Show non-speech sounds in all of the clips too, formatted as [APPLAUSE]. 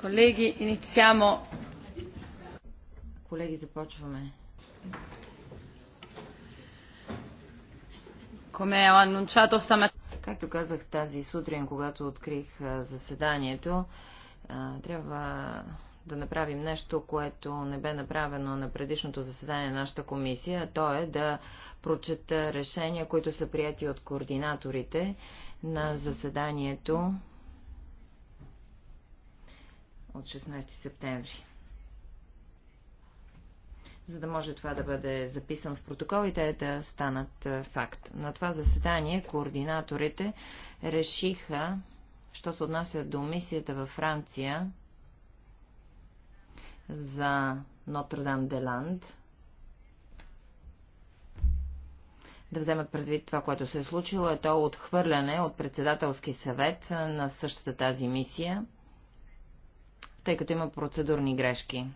Колеги, инициамо. Колеги, започваме. Come ho annunciato stamattina. Както казах тази сутрин, когато открих заседанието, трябва да направим нещо, което не бе направено на предишното заседание на нашата комисия, то е да прочета решения, които са прияти от координаторите на заседанието от 16 септември за да може това да бъде записан в протоколите, е да станат е, факт. На това заседание координаторите решиха, що се отнася до мисията във Франция за Нотр-Дам-де-Ланд, да вземат предвид това, което се е случило, е то отхвърляне от председателски съвет е, на същата тази мисия, тъй като има процедурни грешки.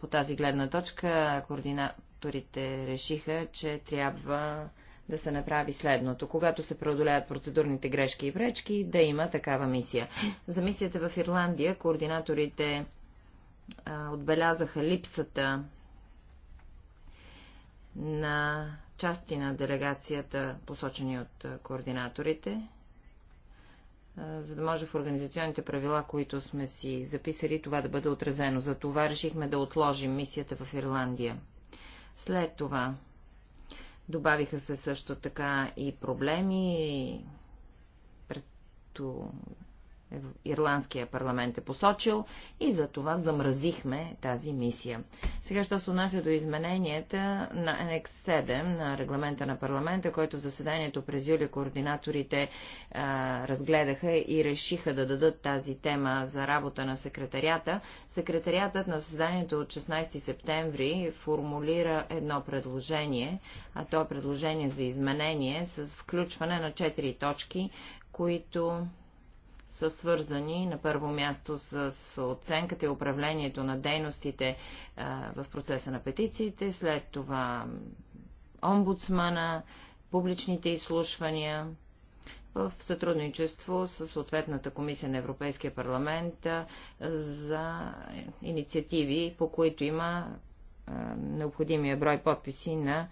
По тази гледна точка координаторите решиха, че трябва да се направи следното. Когато се преодолеят процедурните грешки и пречки, да има такава мисия. За мисията в Ирландия координаторите а, отбелязаха липсата на части на делегацията, посочени от координаторите, за да може в организационните правила, които сме си записали, това да бъде отразено. За това решихме да отложим мисията в Ирландия. След това добавиха се също така и проблеми, Ирландския парламент е посочил и за това замразихме тази мисия. Сега, що се отнася до измененията на nx 7 на регламента на парламента, който в заседанието през юли координаторите а, разгледаха и решиха да дадат тази тема за работа на секретарията, секретариатът на заседанието от 16 септември формулира едно предложение, а то е предложение за изменение с включване на 4 точки, които са свързани на първо място с оценката и управлението на дейностите в процеса на петициите, след това омбудсмана, публичните изслушвания в сътрудничество с съответната комисия на Европейския парламент за инициативи, по които има необходимия брой подписи на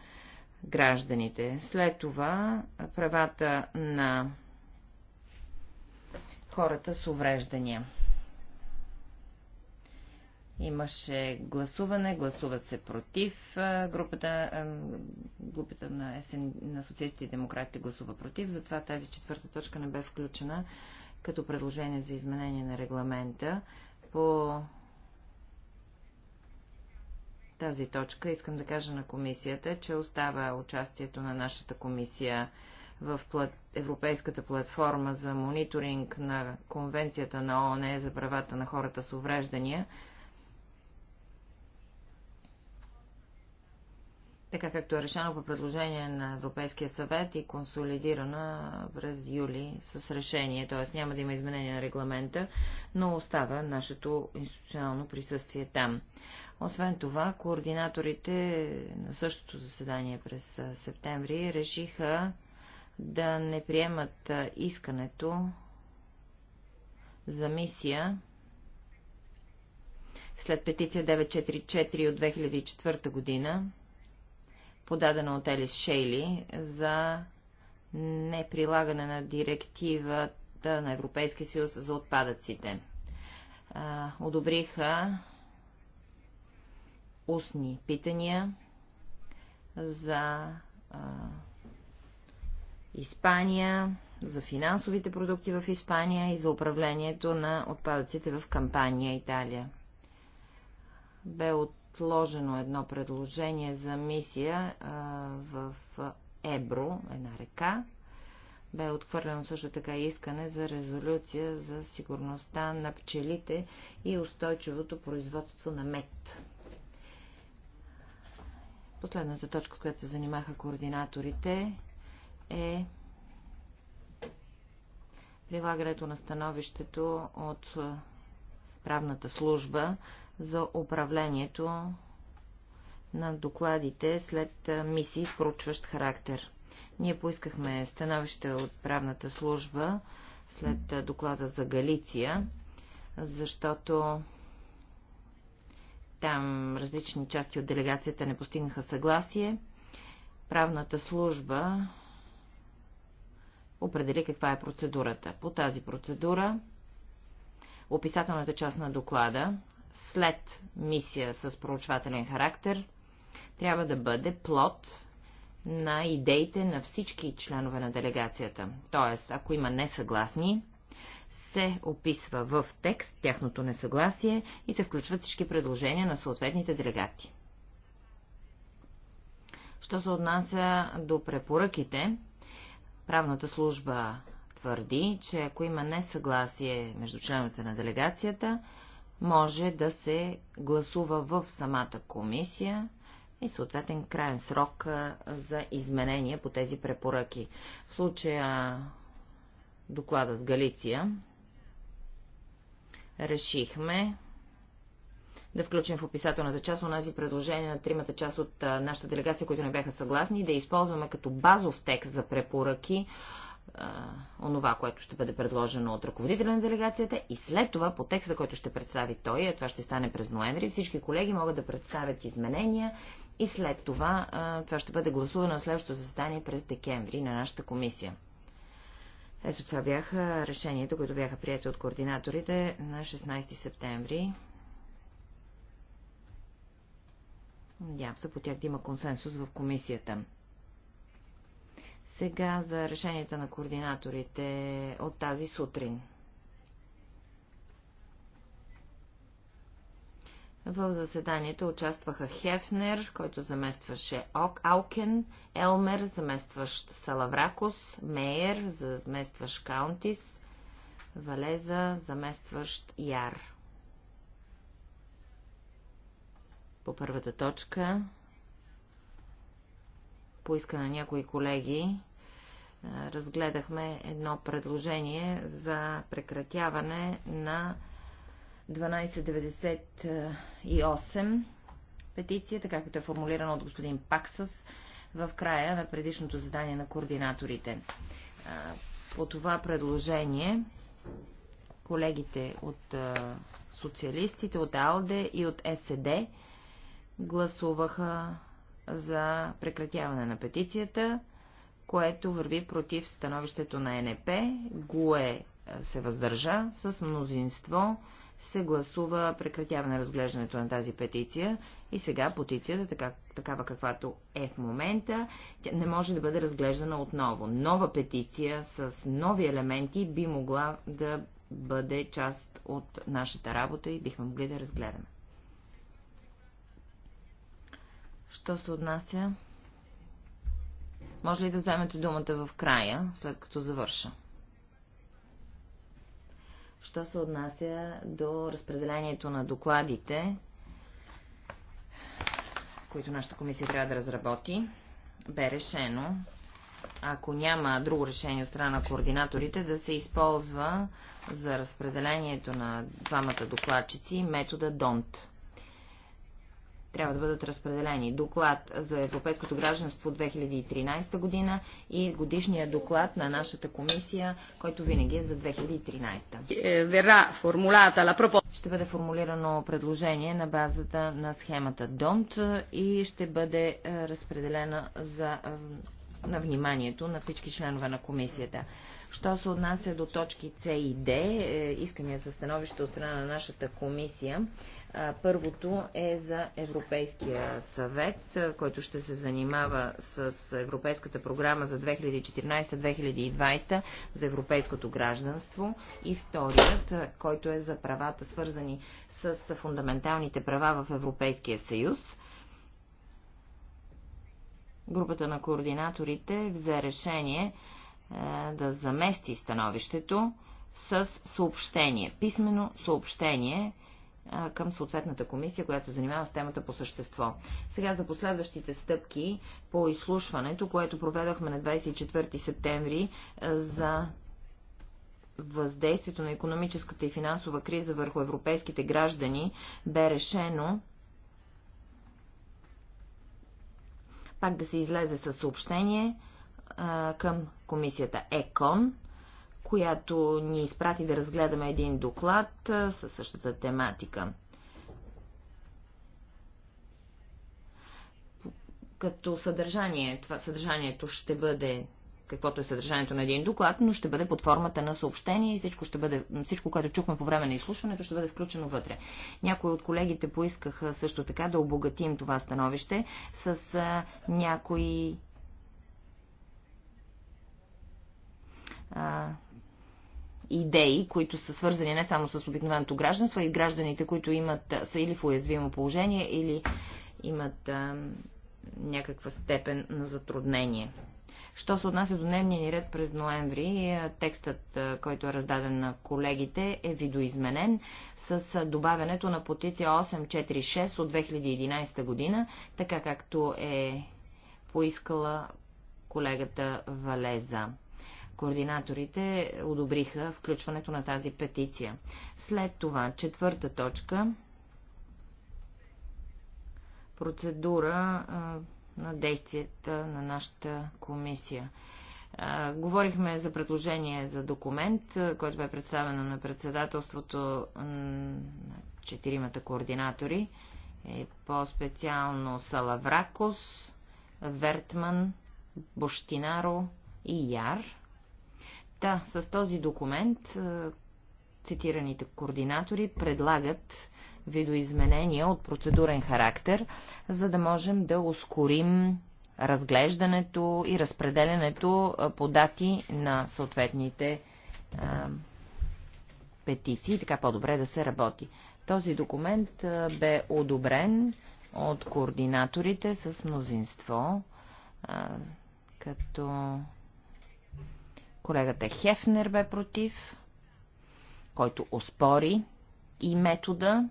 гражданите. След това правата на хората с увреждания. Имаше гласуване, гласува се против. Групата, групата на, СН, на социалистите и демократите гласува против, затова тази четвърта точка не бе включена като предложение за изменение на регламента. По тази точка искам да кажа на комисията, че остава участието на нашата комисия в Европейската платформа за мониторинг на Конвенцията на ООН за правата на хората с увреждания, така както е решено по предложение на Европейския съвет и консолидирана през юли с решение, т.е. няма да има изменение на регламента, но остава нашето институционално присъствие там. Освен това, координаторите на същото заседание през септември решиха да не приемат искането за мисия след петиция 944 от 2004 година, подадена от Елис Шейли за неприлагане на директивата на Европейския съюз за отпадъците. А, одобриха устни питания за а, Испания, за финансовите продукти в Испания и за управлението на отпадъците в Кампания, Италия. Бе отложено едно предложение за мисия а, в Ебро, една река. Бе отхвърлено също така искане за резолюция за сигурността на пчелите и устойчивото производство на мед. Последната точка, с която се занимаха координаторите, е прилагането на становището от е, правната служба за управлението на докладите след е, мисии с проучващ характер. Ние поискахме становище от правната служба след е, доклада за Галиция, защото там различни части от делегацията не постигнаха съгласие. Правната служба определи каква е процедурата. По тази процедура описателната част на доклада след мисия с проучвателен характер трябва да бъде плод на идеите на всички членове на делегацията. Тоест, ако има несъгласни, се описва в текст тяхното несъгласие и се включват всички предложения на съответните делегати. Що се отнася до препоръките, Правната служба твърди, че ако има несъгласие между членовете на делегацията, може да се гласува в самата комисия и съответен крайен срок за изменения по тези препоръки. В случая доклада с Галиция решихме да включим в описателната част тези предложения на тримата част от нашата делегация, които не бяха съгласни, да използваме като базов текст за препоръки онова, което ще бъде предложено от ръководителя на делегацията и след това по текста, който ще представи той, а това ще стане през ноември, всички колеги могат да представят изменения и след това това ще бъде гласувано на следващото заседание през декември на нашата комисия. Ето това бяха решенията, които бяха прияти от координаторите на 16 септември Надявам се по тях да има консенсус в комисията. Сега за решенията на координаторите от тази сутрин. В заседанието участваха Хефнер, който заместваше Ок, Аукен, Елмер, заместващ Салавракус, Мейер, заместващ Каунтис, Валеза, заместващ Яр. По първата точка, поиска на някои колеги, разгледахме едно предложение за прекратяване на 1298 петиция, така както е формулирана от господин Паксас в края на предишното задание на координаторите. По това предложение колегите от социалистите, от АЛДЕ и от СД гласуваха за прекратяване на петицията, което върви против становището на НП. ГУЕ е, се въздържа с мнозинство се гласува прекратяване на разглеждането на тази петиция и сега петицията, така, такава каквато е в момента, тя не може да бъде разглеждана отново. Нова петиция с нови елементи би могла да бъде част от нашата работа и бихме могли да разгледаме. Що се отнася? Може ли да вземете думата в края, след като завърша? Що се отнася до разпределението на докладите, които нашата комисия трябва да разработи, бе решено, ако няма друго решение от страна на координаторите, да се използва за разпределението на двамата докладчици метода ДОНТ трябва да бъдат разпределени. Доклад за европейското гражданство 2013 година и годишния доклад на нашата комисия, който винаги е за 2013. Е, ще бъде формулирано предложение на базата на схемата ДОНТ и ще бъде е, разпределена за, е, на вниманието на всички членове на комисията. Що се отнася до точки С и Д, е, искания за становище от страна на нашата комисия, Първото е за Европейския съвет, който ще се занимава с Европейската програма за 2014-2020 за европейското гражданство. И вторият, който е за правата, свързани с фундаменталните права в Европейския съюз. Групата на координаторите взе решение е, да замести становището с съобщение, писмено съобщение е, към съответната комисия, която се занимава с темата по същество. Сега за последващите стъпки по изслушването, което проведахме на 24 септември е, за въздействието на економическата и финансова криза върху европейските граждани, бе решено пак да се излезе със съобщение – а, към комисията ЕКОН, която ни изпрати да разгледаме един доклад със същата тематика. Като съдържание, това съдържанието ще бъде каквото е съдържанието на един доклад, но ще бъде под формата на съобщение и всичко, ще бъде, всичко, което чухме по време на изслушването, ще бъде включено вътре. Някои от колегите поискаха също така да обогатим това становище с някои а, идеи, които са свързани не само с обикновеното гражданство, а и гражданите, които имат, са или в уязвимо положение, или имат а, някаква степен на затруднение. Що се отнася до дневния ни ред през ноември, е, текстът, който е раздаден на колегите, е видоизменен с добавянето на потиция 846 от 2011 година, така както е поискала колегата Валеза. Координаторите одобриха включването на тази петиция. След това, четвърта точка, процедура а, на действията на нашата комисия. А, говорихме за предложение за документ, който бе представено на председателството на четиримата координатори, и е по-специално Салавракос, Вертман, Бощинаро и Яр. Та, да, с този документ е, цитираните координатори предлагат видоизменения от процедурен характер, за да можем да ускорим разглеждането и разпределенето е, по дати на съответните а, е, петиции, така по-добре да се работи. Този документ а, бе одобрен от координаторите с мнозинство, а, като Колегата Хефнер бе против, който оспори и метода,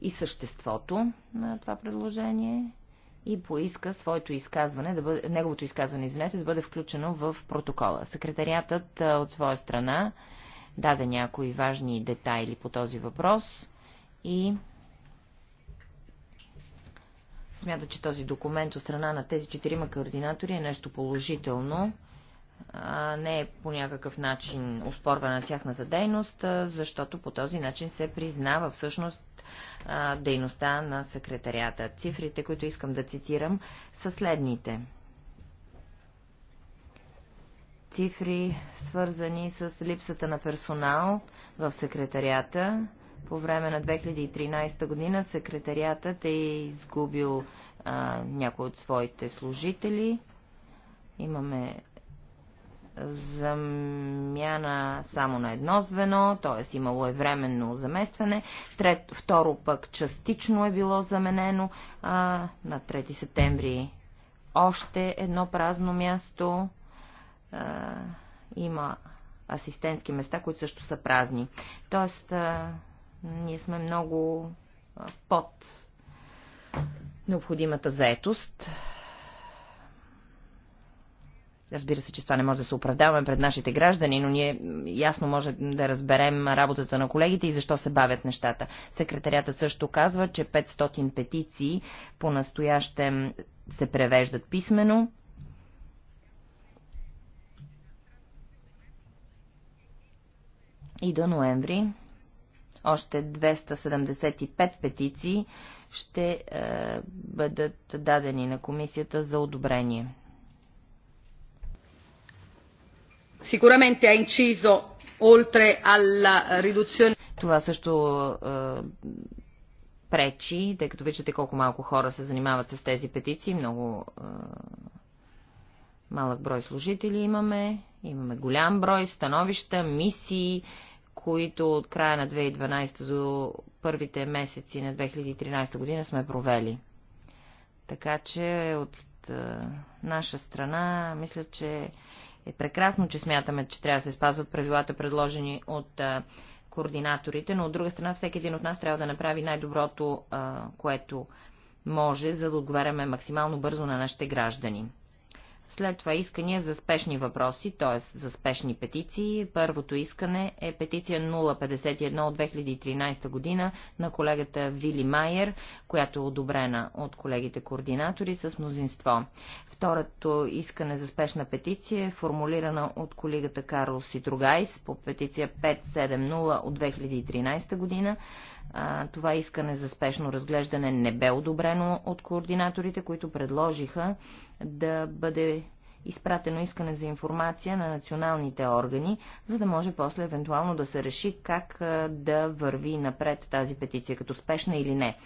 и съществото на това предложение и поиска своето изказване, да бъде, неговото изказване, извинете, да бъде включено в протокола. Секретариатът от своя страна даде някои важни детайли по този въпрос и смята, че този документ от страна на тези четирима координатори е нещо положително не е по някакъв начин успорва на тяхната дейност, защото по този начин се признава всъщност дейността на секретарията. Цифрите, които искам да цитирам, са следните. Цифри, свързани с липсата на персонал в секретарията. По време на 2013 година секретариатът е изгубил а, някои от своите служители. Имаме замяна само на едно звено, т.е. имало е временно заместване. Трет, второ пък частично е било заменено а, на 3 септември. Още едно празно място. А, има асистентски места, които също са празни. Тоест, а, ние сме много а, под необходимата заетост. Разбира се, че това не може да се оправдаваме пред нашите граждани, но ние ясно може да разберем работата на колегите и защо се бавят нещата. Секретарята също казва, че 500 петиции по-настоящем се превеждат писменно. И до ноември още 275 петиции ще е, бъдат дадени на комисията за одобрение. sicuramente ha inciso oltre alla riduzione. Това също е, пречи, тъй като виждате колко малко хора се занимават с тези петиции, много е, малък брой служители имаме, имаме голям брой становища, мисии, които от края на 2012 до първите месеци на 2013 година сме провели. Така че от е, наша страна мисля, че е прекрасно, че смятаме, че трябва да се спазват правилата, предложени от координаторите, но от друга страна всеки един от нас трябва да направи най-доброто, което може, за да отговаряме максимално бързо на нашите граждани. След това искания за спешни въпроси, т.е. за спешни петиции. Първото искане е петиция 051 от 2013 година на колегата Вили Майер, която е одобрена от колегите координатори с мнозинство. Второто искане за спешна петиция е формулирана от колегата Карл Ситругайс по петиция 570 от 2013 година това искане за спешно разглеждане не бе одобрено от координаторите, които предложиха да бъде изпратено искане за информация на националните органи, за да може после евентуално да се реши как да върви напред тази петиция, като спешна или не.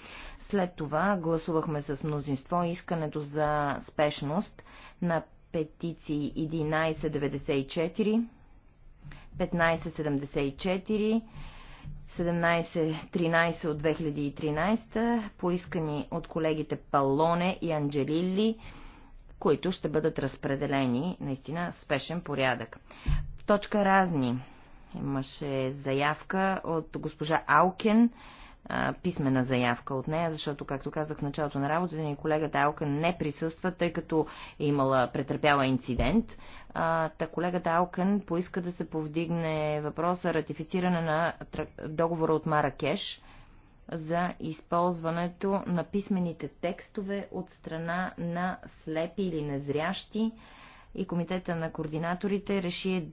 След това гласувахме с мнозинство искането за спешност на петиции 1194, 1574 1713 от 2013, поискани от колегите Палоне и Анджелили, които ще бъдат разпределени наистина в спешен порядък. В точка разни имаше заявка от госпожа Алкен а, писмена заявка от нея, защото, както казах в началото на работата ни, колегата Алка не присъства, тъй като е имала, претърпяла инцидент. А, та колегата Алкън поиска да се повдигне въпроса ратифициране на договора от Маракеш за използването на писмените текстове от страна на слепи или незрящи и Комитета на координаторите реши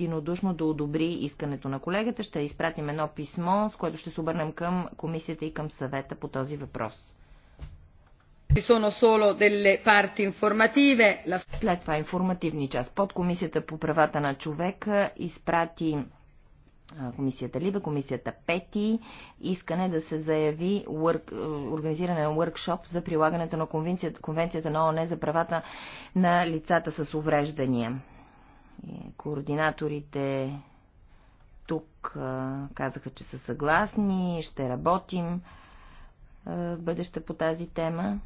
единодушно да одобри искането на колегата. Ще изпратим едно писмо, с което ще се обърнем към комисията и към съвета по този въпрос. След това информативни част. Под комисията по правата на човека изпрати комисията Либе, комисията Пети, искане да се заяви work, организиране на workshop за прилагането на конвенцията, конвенцията на ООН за правата на лицата с увреждания. Е, координаторите тук казаха, че са съгласни, ще работим в бъдеще по тази тема.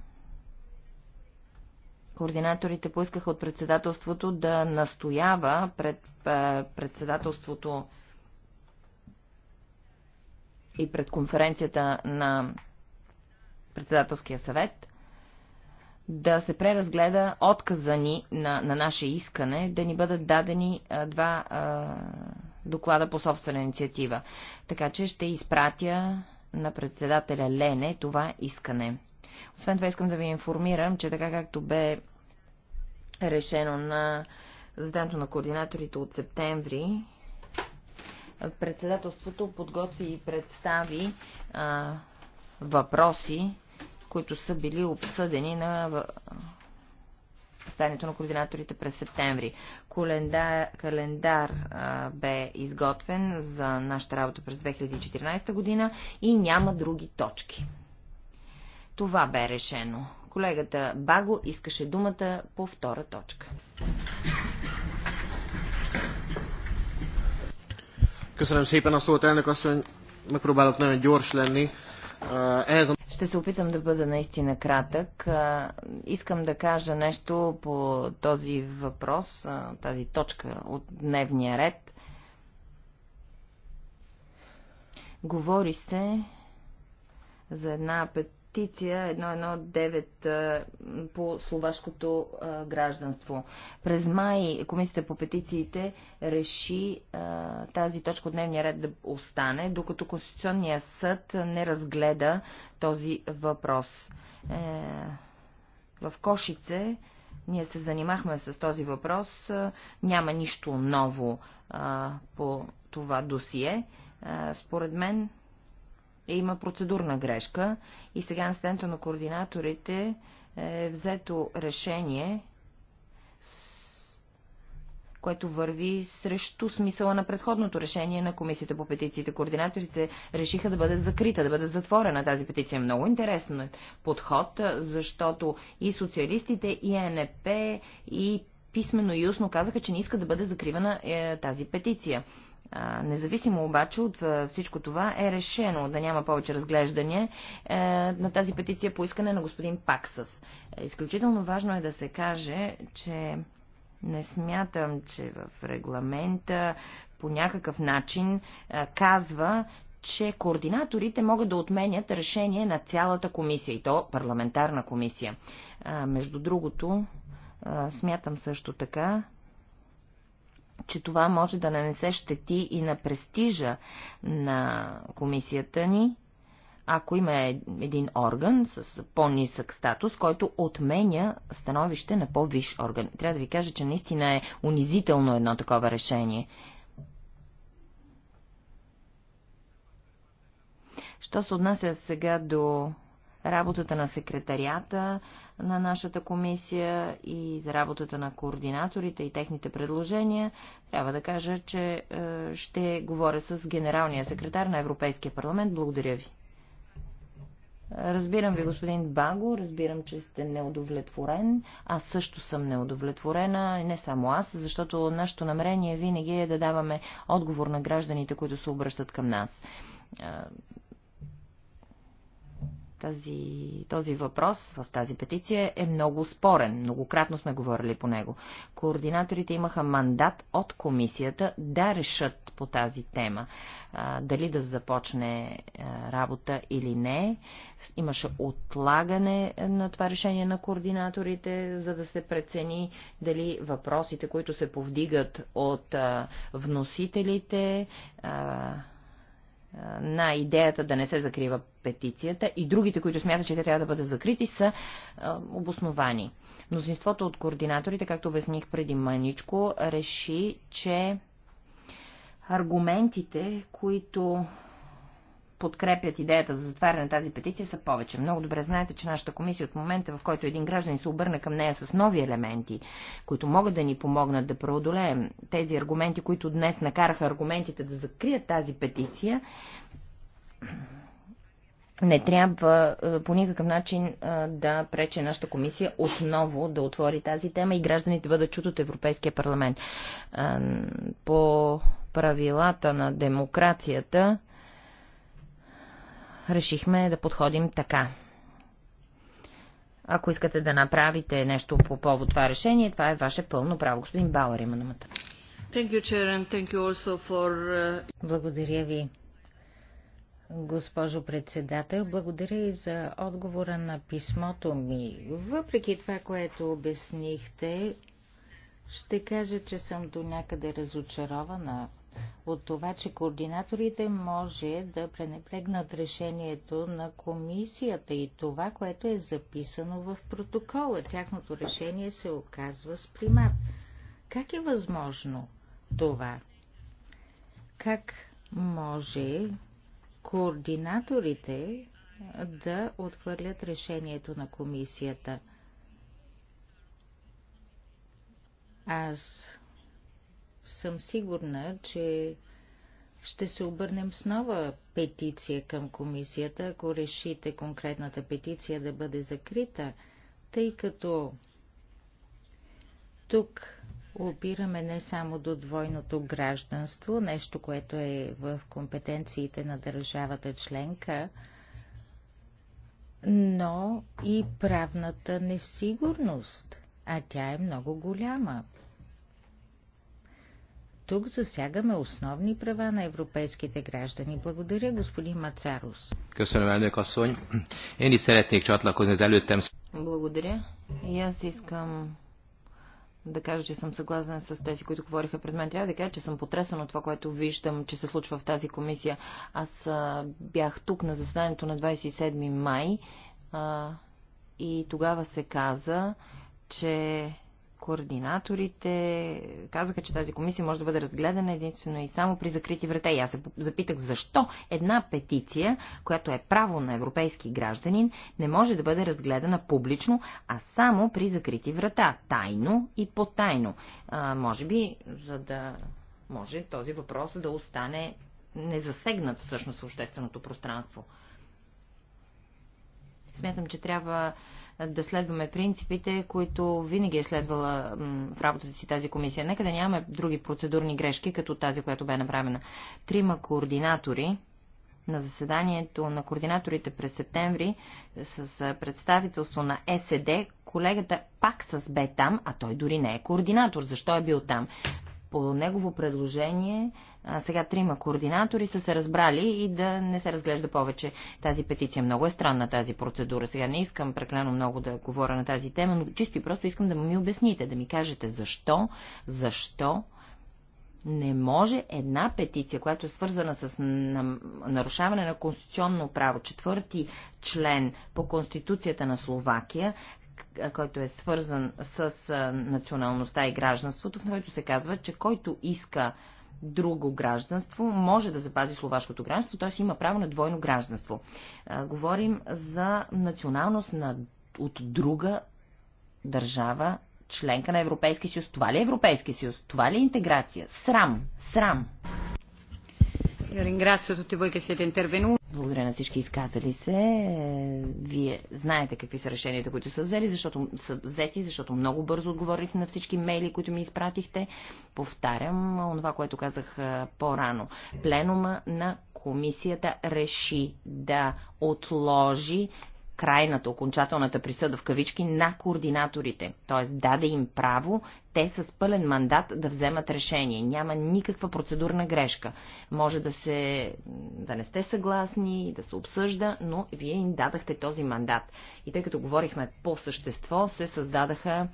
Координаторите поискаха от председателството да настоява пред председателството и пред конференцията на председателския съвет да се преразгледа отказа ни на, на наше искане да ни бъдат дадени а, два а, доклада по собствена инициатива. Така че ще изпратя на председателя Лене това искане. Освен това искам да ви информирам, че така както бе решено на заданието на координаторите от септември, председателството подготви и представи а, въпроси които са били обсъдени на станието на координаторите през септември. Календар, календар а, бе изготвен за нашата работа през 2014 година и няма други точки. Това бе решено. Колегата Баго искаше думата по втора точка. Köszönöm szépen a szót, elnök asszony, megpróbálok nagyon gyors lenni. Ehhez a... Ще се опитам да бъда наистина кратък. Искам да кажа нещо по този въпрос, тази точка от дневния ред. Говори се за една петиция 119 по словашкото гражданство. През май Комисията по петициите реши тази точка от дневния ред да остане, докато Конституционния съд не разгледа този въпрос. Е, в Кошице ние се занимахме с този въпрос. Няма нищо ново по това досие. Според мен е, има процедурна грешка и сега на стенто на координаторите е взето решение, което върви срещу смисъла на предходното решение на комисията по петициите. Координаторите решиха да бъде закрита, да бъде затворена тази петиция. Много интересен подход, е, защото и социалистите, и НП, и писменно и устно казаха, че не иска да бъде закривана е, тази петиция. А, независимо обаче от всичко това е решено да няма повече разглеждане е, на тази петиция по искане на господин Паксас. Е, изключително важно е да се каже, че не смятам, че в регламента по някакъв начин е, казва, че координаторите могат да отменят решение на цялата комисия, и то парламентарна комисия. А, между другото, а, смятам също така, че това може да нанесе щети и на престижа на комисията ни, ако има е, един орган с по-нисък статус, който отменя становище на по-виш орган. Трябва да ви кажа, че наистина е унизително едно такова решение. Що се отнася сега до работата на секретарията на нашата комисия и за работата на координаторите и техните предложения, трябва да кажа, че е, ще говоря с генералния секретар на Европейския парламент. Благодаря ви. Разбирам ви, господин Баго, разбирам, че сте неудовлетворен. Аз също съм неудовлетворена, не само аз, защото нашето намерение винаги е да даваме отговор на гражданите, които се обръщат към нас. Е, тази, този въпрос в тази петиция е много спорен. Многократно сме говорили по него. Координаторите имаха мандат от комисията да решат по тази тема. А, дали да започне а, работа или не. Имаше отлагане на това решение на координаторите, за да се прецени дали въпросите, които се повдигат от а, вносителите, а, на идеята да не се закрива петицията и другите, които смятат, че те трябва да бъдат закрити, са е, обосновани. Мнозинството от координаторите, както обясних преди маничко, реши, че аргументите, които подкрепят идеята за затваряне на тази петиция са повече. Много добре знаете, че нашата комисия от момента, в който един гражданин се обърна към нея с нови елементи, които могат да ни помогнат да преодолеем тези аргументи, които днес накараха аргументите да закрият тази петиция, не трябва е, по никакъв начин е, да прече нашата комисия отново да отвори тази тема и гражданите бъдат чут от Европейския парламент. Е, по правилата на демокрацията решихме да подходим така. Ако искате да направите нещо по повод това решение, това е ваше пълно право. Господин Бауер има думата. Uh, Благодаря ви, госпожо председател. Благодаря и за отговора на писмото ми. Въпреки това, което обяснихте, ще кажа, че съм до някъде разочарована от това, че координаторите може да пренебрегнат решението на комисията и това, което е записано в протокола. Тяхното решение се оказва с примат. Как е възможно това? Как може координаторите да отхвърлят решението на комисията? Аз съм сигурна, че ще се обърнем с нова петиция към комисията, ако решите конкретната петиция да бъде закрита, тъй като тук опираме не само до двойното гражданство, нещо, което е в компетенциите на държавата членка, но и правната несигурност, а тя е много голяма тук засягаме основни права на европейските граждани. Благодаря, господин Мацарус. Благодаря. И аз искам да кажа, че съм съгласен с тези, които говориха пред мен. Трябва да кажа, че съм потресен от това, което виждам, че се случва в тази комисия. Аз а, бях тук на заседанието на 27 май а, и тогава се каза, че Координаторите казаха, че тази комисия може да бъде разгледана единствено и само при закрити врата. И аз се запитах защо една петиция, която е право на европейски гражданин, не може да бъде разгледана публично, а само при закрити врата, тайно и потайно. А, може би, за да може този въпрос да остане незасегнат всъщност в общественото пространство. Смятам, че трябва да следваме принципите, които винаги е следвала в работата си тази комисия. Нека да нямаме други процедурни грешки, като тази, която бе направена. Трима координатори на заседанието на координаторите през септември с представителство на е СД, колегата пак с бе там, а той дори не е координатор. Защо е бил там? По негово предложение, а, сега трима координатори са се разбрали и да не се разглежда повече тази петиция. Много е странна тази процедура. Сега не искам преклено много да говоря на тази тема, но чисто и просто искам да ми обясните, да ми кажете защо, защо не може една петиция, която е свързана с нарушаване на конституционно право, четвърти член по Конституцията на Словакия, който е свързан с националността и гражданството, в който се казва, че който иска друго гражданство, може да запази словашкото гражданство, т.е. има право на двойно гражданство. Говорим за националност на, от друга държава, членка на Европейския съюз. Това ли е Европейския съюз? Това ли е интеграция? Срам! Срам! Благодаря на всички изказали се. Вие знаете какви са решенията, които са взели, защото са взети, защото много бързо отговорих на всички мейли, които ми изпратихте. Повтарям това, което казах по-рано. Пленума на комисията реши да отложи крайната, окончателната присъда в кавички на координаторите, т.е. даде им право те с пълен мандат да вземат решение. Няма никаква процедурна грешка. Може да, се, да не сте съгласни, да се обсъжда, но вие им дадахте този мандат. И тъй като говорихме по същество, се създадаха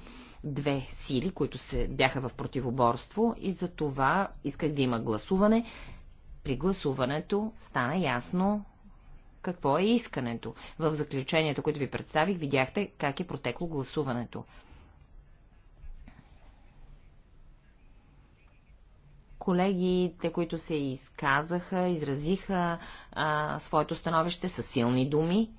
две сили, които се бяха в противоборство и за това исках да има гласуване. При гласуването стана ясно какво е искането. В заключенията, които ви представих, видяхте как е протекло гласуването. колегите, които се изказаха, изразиха а, своето становище са силни думи,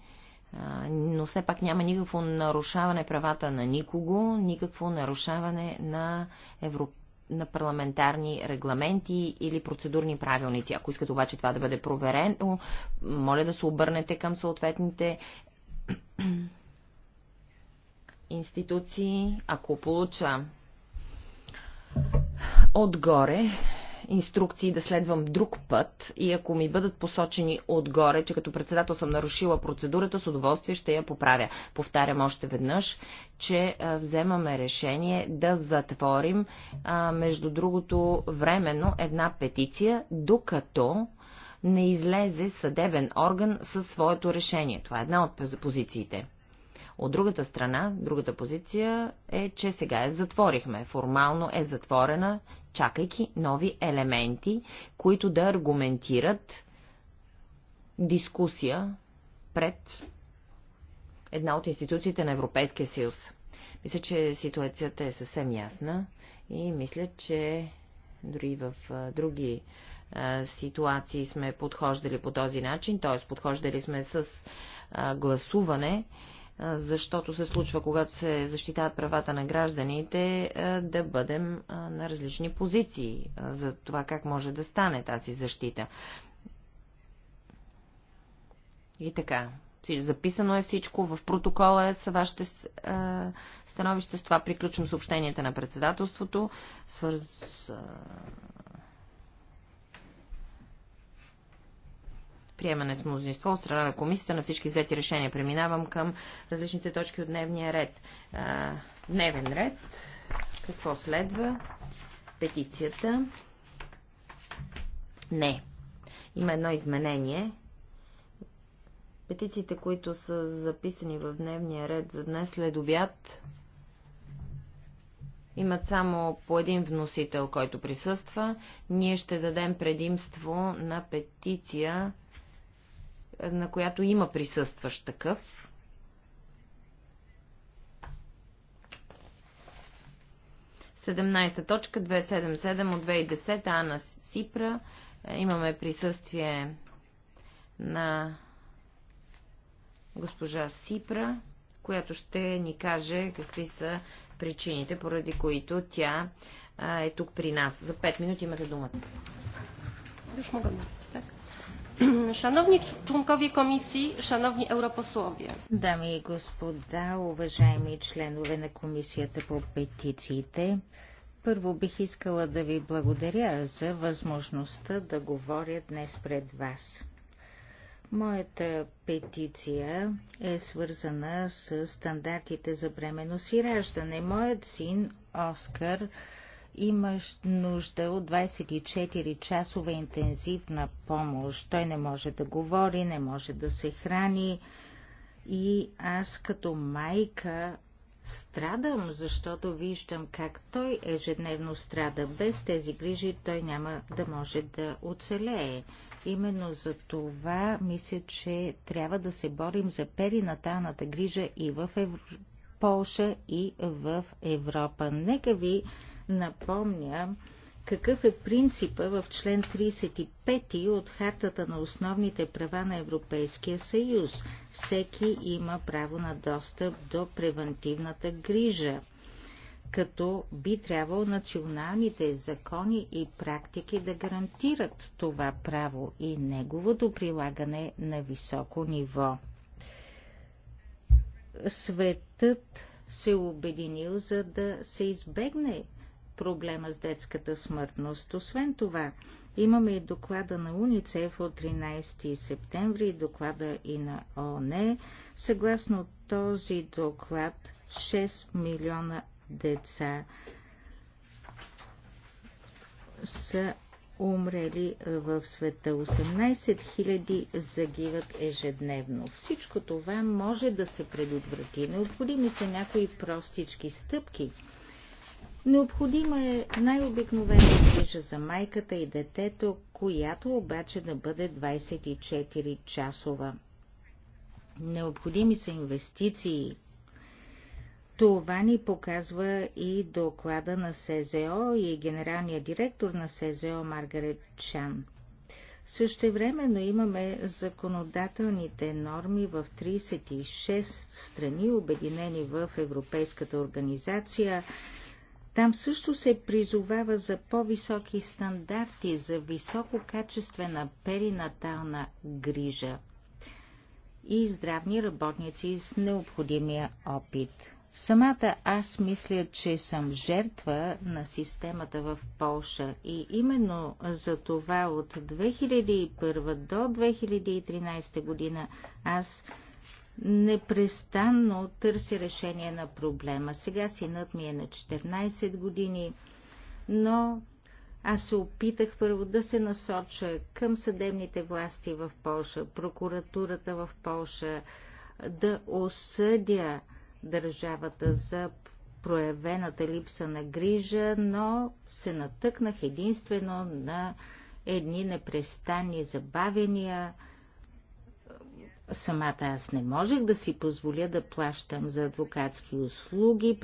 а, но все пак няма никакво нарушаване правата на никого, никакво нарушаване на европейските на парламентарни регламенти или процедурни правилници. Ако искате обаче това да бъде проверено, моля да се обърнете към съответните институции. Ако получа отгоре инструкции да следвам друг път и ако ми бъдат посочени отгоре, че като председател съм нарушила процедурата, с удоволствие ще я поправя. Повтарям още веднъж, че вземаме решение да затворим, между другото, временно една петиция, докато не излезе съдебен орган със своето решение. Това е една от позициите. От другата страна, другата позиция е, че сега я затворихме. Формално е затворена, чакайки нови елементи, които да аргументират дискусия пред една от институциите на Европейския съюз. Мисля, че ситуацията е съвсем ясна и мисля, че дори в други ситуации сме подхождали по този начин, т.е. подхождали сме с гласуване защото се случва, когато се защитават правата на гражданите, да бъдем на различни позиции за това как може да стане тази защита. И така, записано е всичко, в протокола е са вашите становища. С това приключвам съобщенията на председателството. Свърз приемане с мнозинство от страна на комисията на всички взети решения. Преминавам към различните точки от дневния ред. А, дневен ред. Какво следва? Петицията. Не. Има едно изменение. Петициите, които са записани в дневния ред за днес след обяд, имат само по един вносител, който присъства. Ние ще дадем предимство на петиция на която има присъстващ такъв. Седемнайста точка 277 от 2010 Ана Сипра. Е, имаме присъствие на госпожа Сипра, която ще ни каже какви са причините, поради които тя е тук при нас. За 5 минути имате думата. Душ мога да. Шановни [CLEARS THROAT] członkowie комисии, шановни europosłowie. Дами и господа, уважаеми членове на комисията по петициите, първо бих искала да ви благодаря за възможността да говоря днес пред вас. Моята петиция е свързана с стандартите за бременност и раждане. Моят син Оскар Имаш нужда от 24 часова интензивна помощ. Той не може да говори, не може да се храни. И аз като майка страдам, защото виждам как той ежедневно страда. Без тези грижи той няма да може да оцелее. Именно за това мисля, че трябва да се борим за перинаталната грижа и в Ев... Полша, и в Европа. Нека ви напомня какъв е принципа в член 35 от Хартата на основните права на Европейския съюз. Всеки има право на достъп до превентивната грижа като би трябвало националните закони и практики да гарантират това право и неговото прилагане на високо ниво. Светът се обединил, за да се избегне проблема с детската смъртност. Освен това, имаме и доклада на УНИЦЕФ от 13 септември и доклада и на ООН. Съгласно този доклад, 6 милиона деца са умрели в света. 18 000 загиват ежедневно. Всичко това може да се предотврати. Необходими са някои простички стъпки – Необходима е най-обикновена грижа за майката и детето, която обаче да бъде 24 часова. Необходими са инвестиции. Това ни показва и доклада на СЗО и генералния директор на СЗО Маргарет Чан. Същевременно имаме законодателните норми в 36 страни, обединени в Европейската организация там също се призовава за по-високи стандарти, за висококачествена перинатална грижа и здравни работници с необходимия опит. Самата аз мисля, че съм жертва на системата в Полша и именно за това от 2001 до 2013 година аз непрестанно търси решение на проблема. Сега синът ми е на 14 години, но аз се опитах първо да се насоча към съдебните власти в Польша, прокуратурата в Польша, да осъдя държавата за проявената липса на грижа, но се натъкнах единствено на едни непрестанни забавения, Самата аз не можех да си позволя да плащам за адвокатски услуги,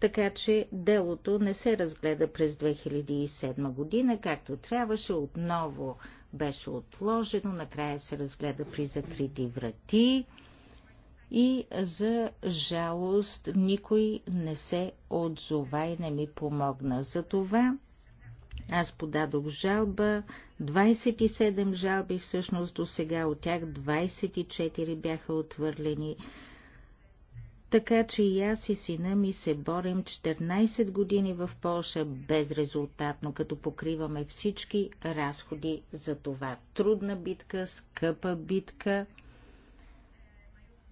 така че делото не се разгледа през 2007 година, както трябваше, отново беше отложено, накрая се разгледа при закрити врати и за жалост никой не се отзова и не ми помогна. За това аз подадох жалба, 27 жалби всъщност до сега, от тях 24 бяха отвърлени. Така че и аз и сина ми се борим 14 години в Польша безрезултатно, като покриваме всички разходи за това. Трудна битка, скъпа битка.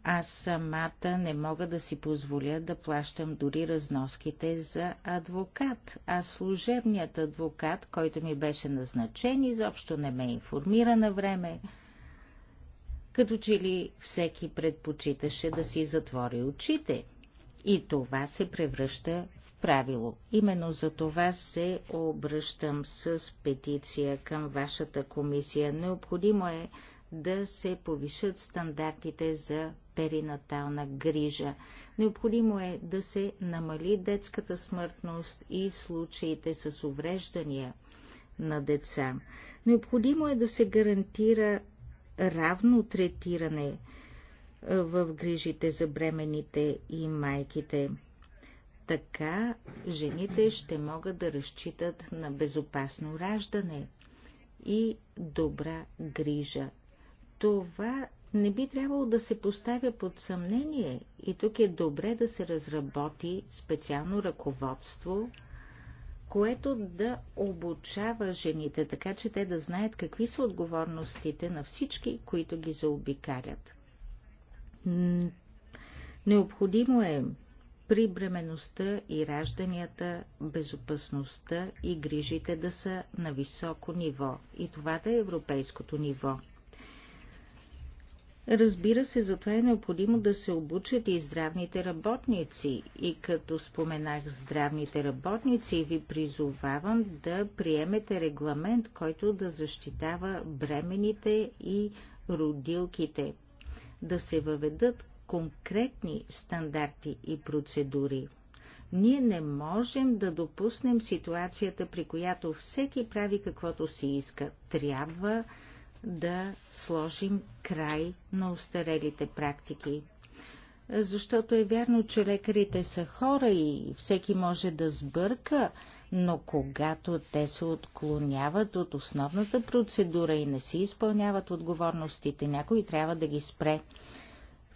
Аз самата не мога да си позволя да плащам дори разноските за адвокат, а служебният адвокат, който ми беше назначен, изобщо не ме информира на време, като че ли всеки предпочиташе да си затвори очите. И това се превръща в правило. Именно за това се обръщам с петиция към вашата комисия. Необходимо е да се повишат стандартите за перинатална грижа. Необходимо е да се намали детската смъртност и случаите с увреждания на деца. Необходимо е да се гарантира равно третиране в грижите за бременните и майките. Така жените ще могат да разчитат на безопасно раждане и добра грижа това не би трябвало да се поставя под съмнение и тук е добре да се разработи специално ръководство, което да обучава жените, така че те да знаят какви са отговорностите на всички, които ги заобикалят. Необходимо е при бременността и ражданията, безопасността и грижите да са на високо ниво и това да е европейското ниво – Разбира се, затова е необходимо да се обучат и здравните работници. И като споменах здравните работници, ви призовавам да приемете регламент, който да защитава бремените и родилките. Да се въведат конкретни стандарти и процедури. Ние не можем да допуснем ситуацията, при която всеки прави каквото си иска. Трябва да сложим край на устарелите практики. Защото е вярно, че лекарите са хора и всеки може да сбърка, но когато те се отклоняват от основната процедура и не си изпълняват отговорностите, някой трябва да ги спре.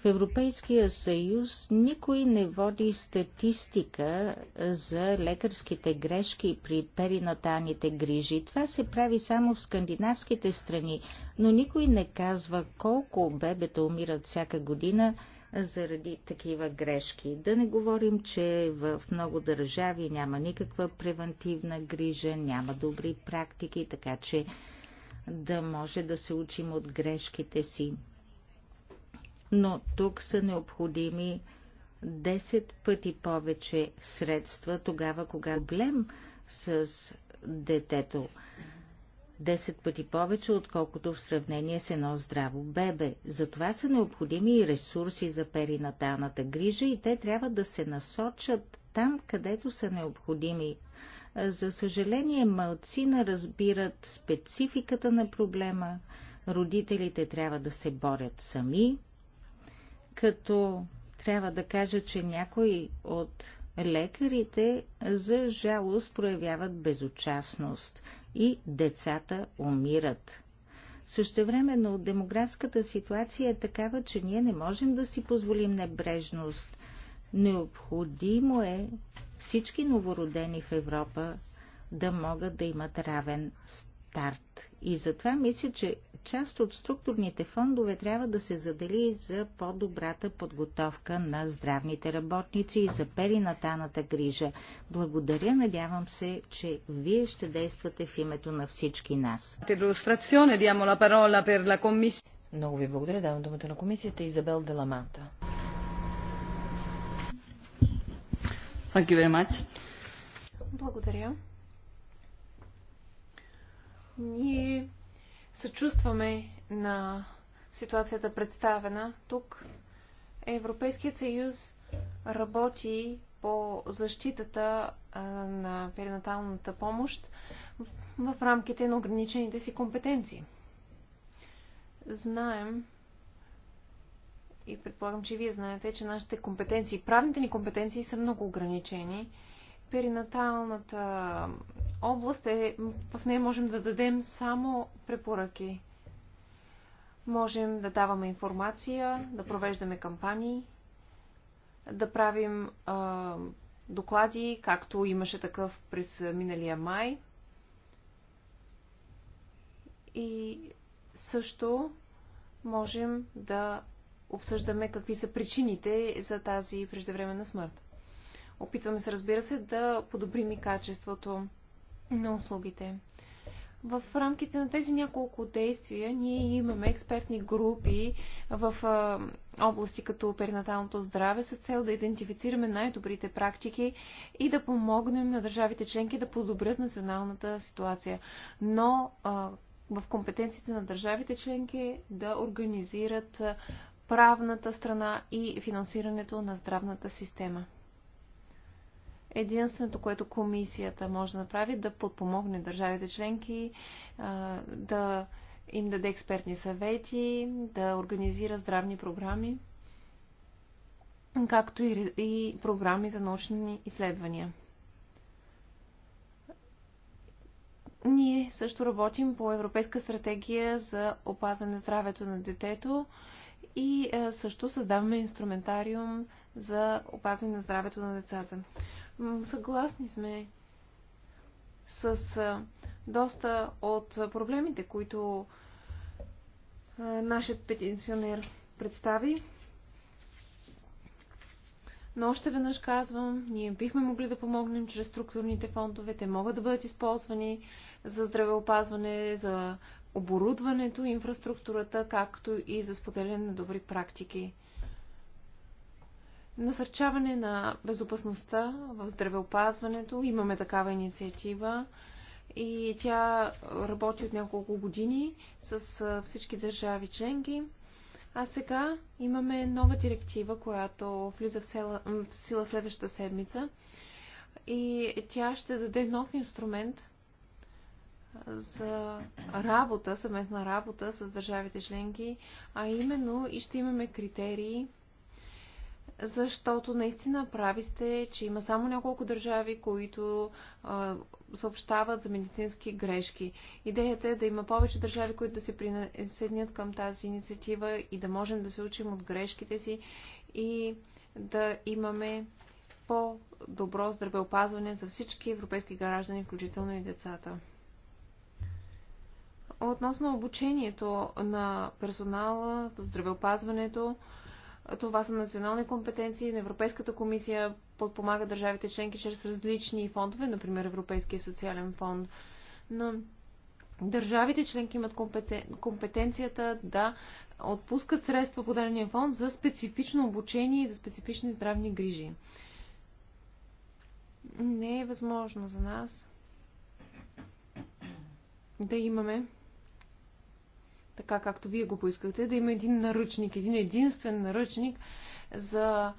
В Европейския съюз никой не води статистика за лекарските грешки при перинаталните грижи. Това се прави само в скандинавските страни, но никой не казва колко бебета умират всяка година заради такива грешки. Да не говорим, че в много държави няма никаква превентивна грижа, няма добри практики, така че да може да се учим от грешките си но тук са необходими 10 пъти повече средства тогава, кога проблем с детето. 10 пъти повече, отколкото в сравнение с едно здраво бебе. Затова са необходими и ресурси за перинаталната грижа и те трябва да се насочат там, където са необходими. За съжаление, малцина разбират спецификата на проблема, родителите трябва да се борят сами, като трябва да кажа, че някои от лекарите за жалост проявяват безучастност и децата умират. Същевременно демографската ситуация е такава, че ние не можем да си позволим небрежност. Необходимо е всички новородени в Европа да могат да имат равен старт. И затова мисля, че част от структурните фондове трябва да се задели за по-добрата подготовка на здравните работници и за перинатаната грижа. Благодаря, надявам се, че вие ще действате в името на всички нас. Много ви благодаря. Давам думата на комисията Изабел Деламата. Thank you very much. Благодаря. Ние съчувстваме на ситуацията представена тук. Европейският съюз работи по защитата на перинаталната помощ в рамките на ограничените си компетенции. Знаем и предполагам, че вие знаете, че нашите компетенции, правните ни компетенции са много ограничени перинаталната област е, в нея можем да дадем само препоръки. Можем да даваме информация, да провеждаме кампании, да правим а, доклади, както имаше такъв през миналия май. И също можем да обсъждаме какви са причините за тази преждевременна смърт. Опитваме се, разбира се, да подобрим и качеството на услугите. В рамките на тези няколко действия ние имаме експертни групи в области като перинаталното здраве с цел да идентифицираме най-добрите практики и да помогнем на държавите членки да подобрят националната ситуация. Но в компетенциите на държавите членки да организират правната страна и финансирането на здравната система единственото, което комисията може да направи, да подпомогне държавите членки, да им даде експертни съвети, да организира здравни програми, както и, програми за научни изследвания. Ние също работим по Европейска стратегия за опазване на здравето на детето и също създаваме инструментариум за опазване на здравето на децата. Съгласни сме с доста от проблемите, които нашият петиционер представи. Но още веднъж казвам, ние бихме могли да помогнем чрез структурните фондове. Те могат да бъдат използвани за здравеопазване, за оборудването, инфраструктурата, както и за споделяне на добри практики. Насърчаване на безопасността в здравеопазването. Имаме такава инициатива и тя работи от няколко години с всички държави членки. А сега имаме нова директива, която влиза в, села, в сила следващата седмица и тя ще даде нов инструмент за работа, съвместна работа с държавите членки, а именно и ще имаме критерии защото наистина прави сте, че има само няколко държави, които а, съобщават за медицински грешки. Идеята е да има повече държави, които да се присъединят към тази инициатива и да можем да се учим от грешките си и да имаме по-добро здравеопазване за всички европейски граждани, включително и децата. Относно обучението на персонала, здравеопазването, това са национални компетенции. На Европейската комисия подпомага държавите членки чрез различни фондове, например Европейския социален фонд. Но държавите членки имат компетенцията да отпускат средства по дадения фонд за специфично обучение и за специфични здравни грижи. Не е възможно за нас да имаме така както вие го поискахте, да има един наръчник, един единствен наръчник за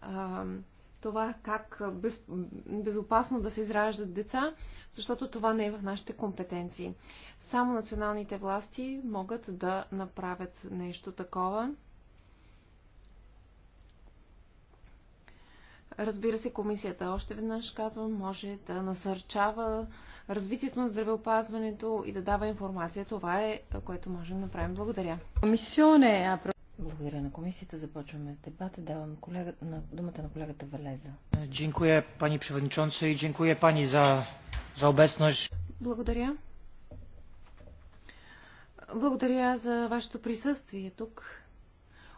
а, това как без, безопасно да се израждат деца, защото това не е в нашите компетенции. Само националните власти могат да направят нещо такова. Разбира се, комисията, още веднъж казвам, може да насърчава развитието на здравеопазването и да дава информация. Това е, което можем да направим. Благодаря. Благодаря на комисията. Започваме с дебата. Давам колега, на думата на колегата Валеза. Дякую, пани Преводничонце и дякую, пани, за, за обесност. Благодаря. Благодаря за вашето присъствие тук.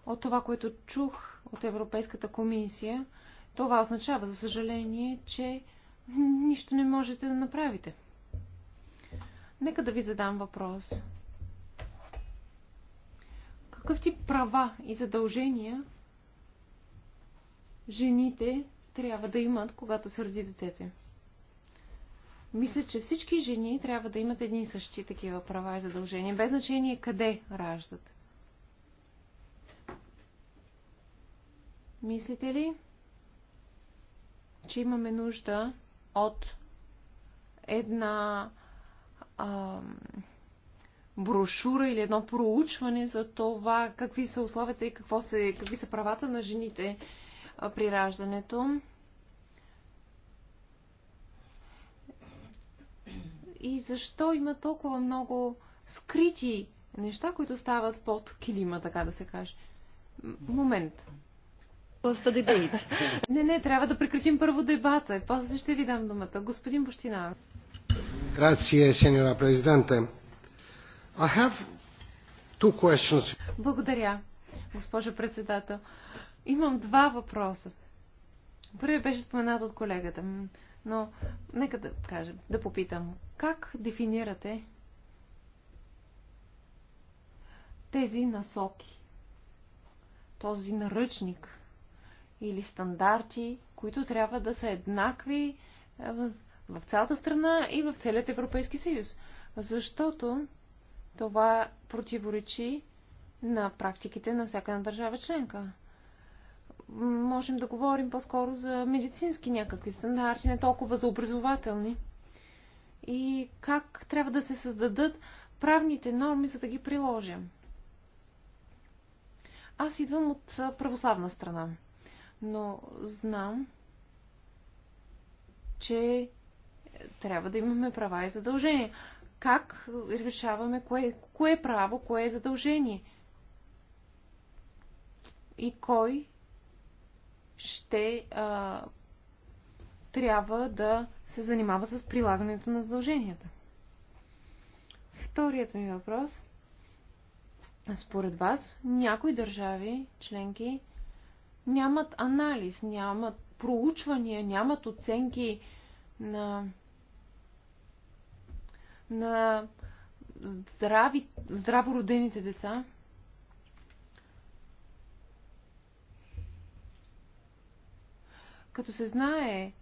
От това, което чух от Европейската комисия, това означава, за съжаление, че нищо не можете да направите. Нека да ви задам въпрос. Какъв ти права и задължения жените трябва да имат, когато се роди детете? Мисля, че всички жени трябва да имат едни и същи такива права и задължения, без значение къде раждат. Мислите ли, че имаме нужда от една а, брошура или едно проучване за това какви са условията и какво се, какви са правата на жените а, при раждането. И защо има толкова много скрити неща, които стават под килима, така да се каже. Момент. [LAUGHS] Не, не, трябва да прекратим първо дебата. После ще ви дам думата. Господин Бощина. Грация, сеньора президенте. I have two questions. Благодаря, госпожо председател. Имам два въпроса. Първият беше споменат от колегата, но нека да кажем, да попитам. Как дефинирате тези насоки? Този наръчник? или стандарти, които трябва да са еднакви е, в цялата страна и в целият Европейски съюз. Защото това противоречи на практиките на всяка една държава членка. Можем да говорим по-скоро за медицински някакви стандарти, не толкова за образователни. И как трябва да се създадат правните норми, за да ги приложим. Аз идвам от православна страна но знам, че трябва да имаме права и задължения. Как решаваме кое, кое е право, кое е задължение? И кой ще а, трябва да се занимава с прилагането на задълженията? Вторият ми въпрос. Според вас, някои държави членки нямат анализ, нямат проучвания, нямат оценки на, на здрави, здравородените деца. Като се знае,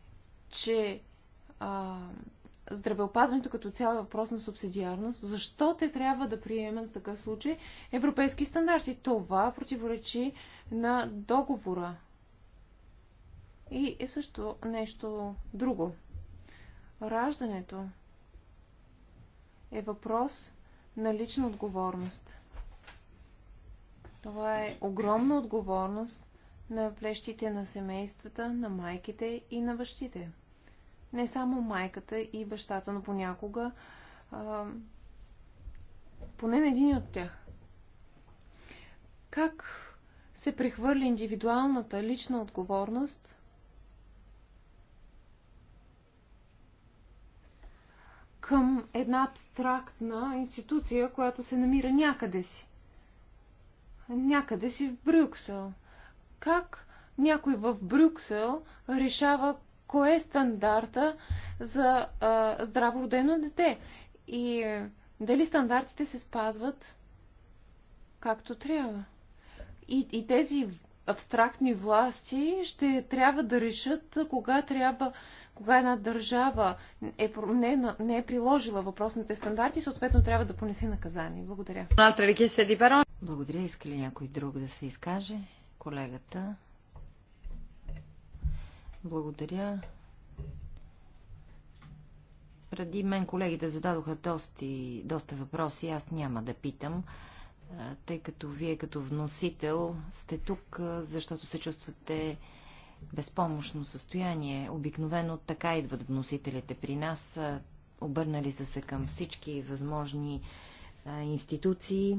че а, здравеопазването като цяло е въпрос на субсидиарност, защо те трябва да приемат в такъв случай европейски стандарти? Това противоречи на договора. И е също нещо друго. Раждането е въпрос на лична отговорност. Това е огромна отговорност на плещите на семействата, на майките и на бащите не само майката и бащата, но понякога а, поне на един от тях. Как се прехвърли индивидуалната лична отговорност към една абстрактна институция, която се намира някъде си? Някъде си в Брюксел. Как някой в Брюксел решава кое е стандарта за а, здраво родено дете и е, дали стандартите се спазват както трябва. И, и тези абстрактни власти ще трябва да решат кога трябва, кога една държава е, не, не е приложила въпросните стандарти, съответно трябва да понесе наказание. Благодаря. Благодаря. Иска ли някой друг да се изкаже? Колегата. Благодаря. Преди мен колегите зададоха доста, доста въпроси, аз няма да питам, тъй като вие като вносител сте тук, защото се чувствате безпомощно състояние. Обикновено така идват вносителите при нас, обърнали са се към всички възможни институции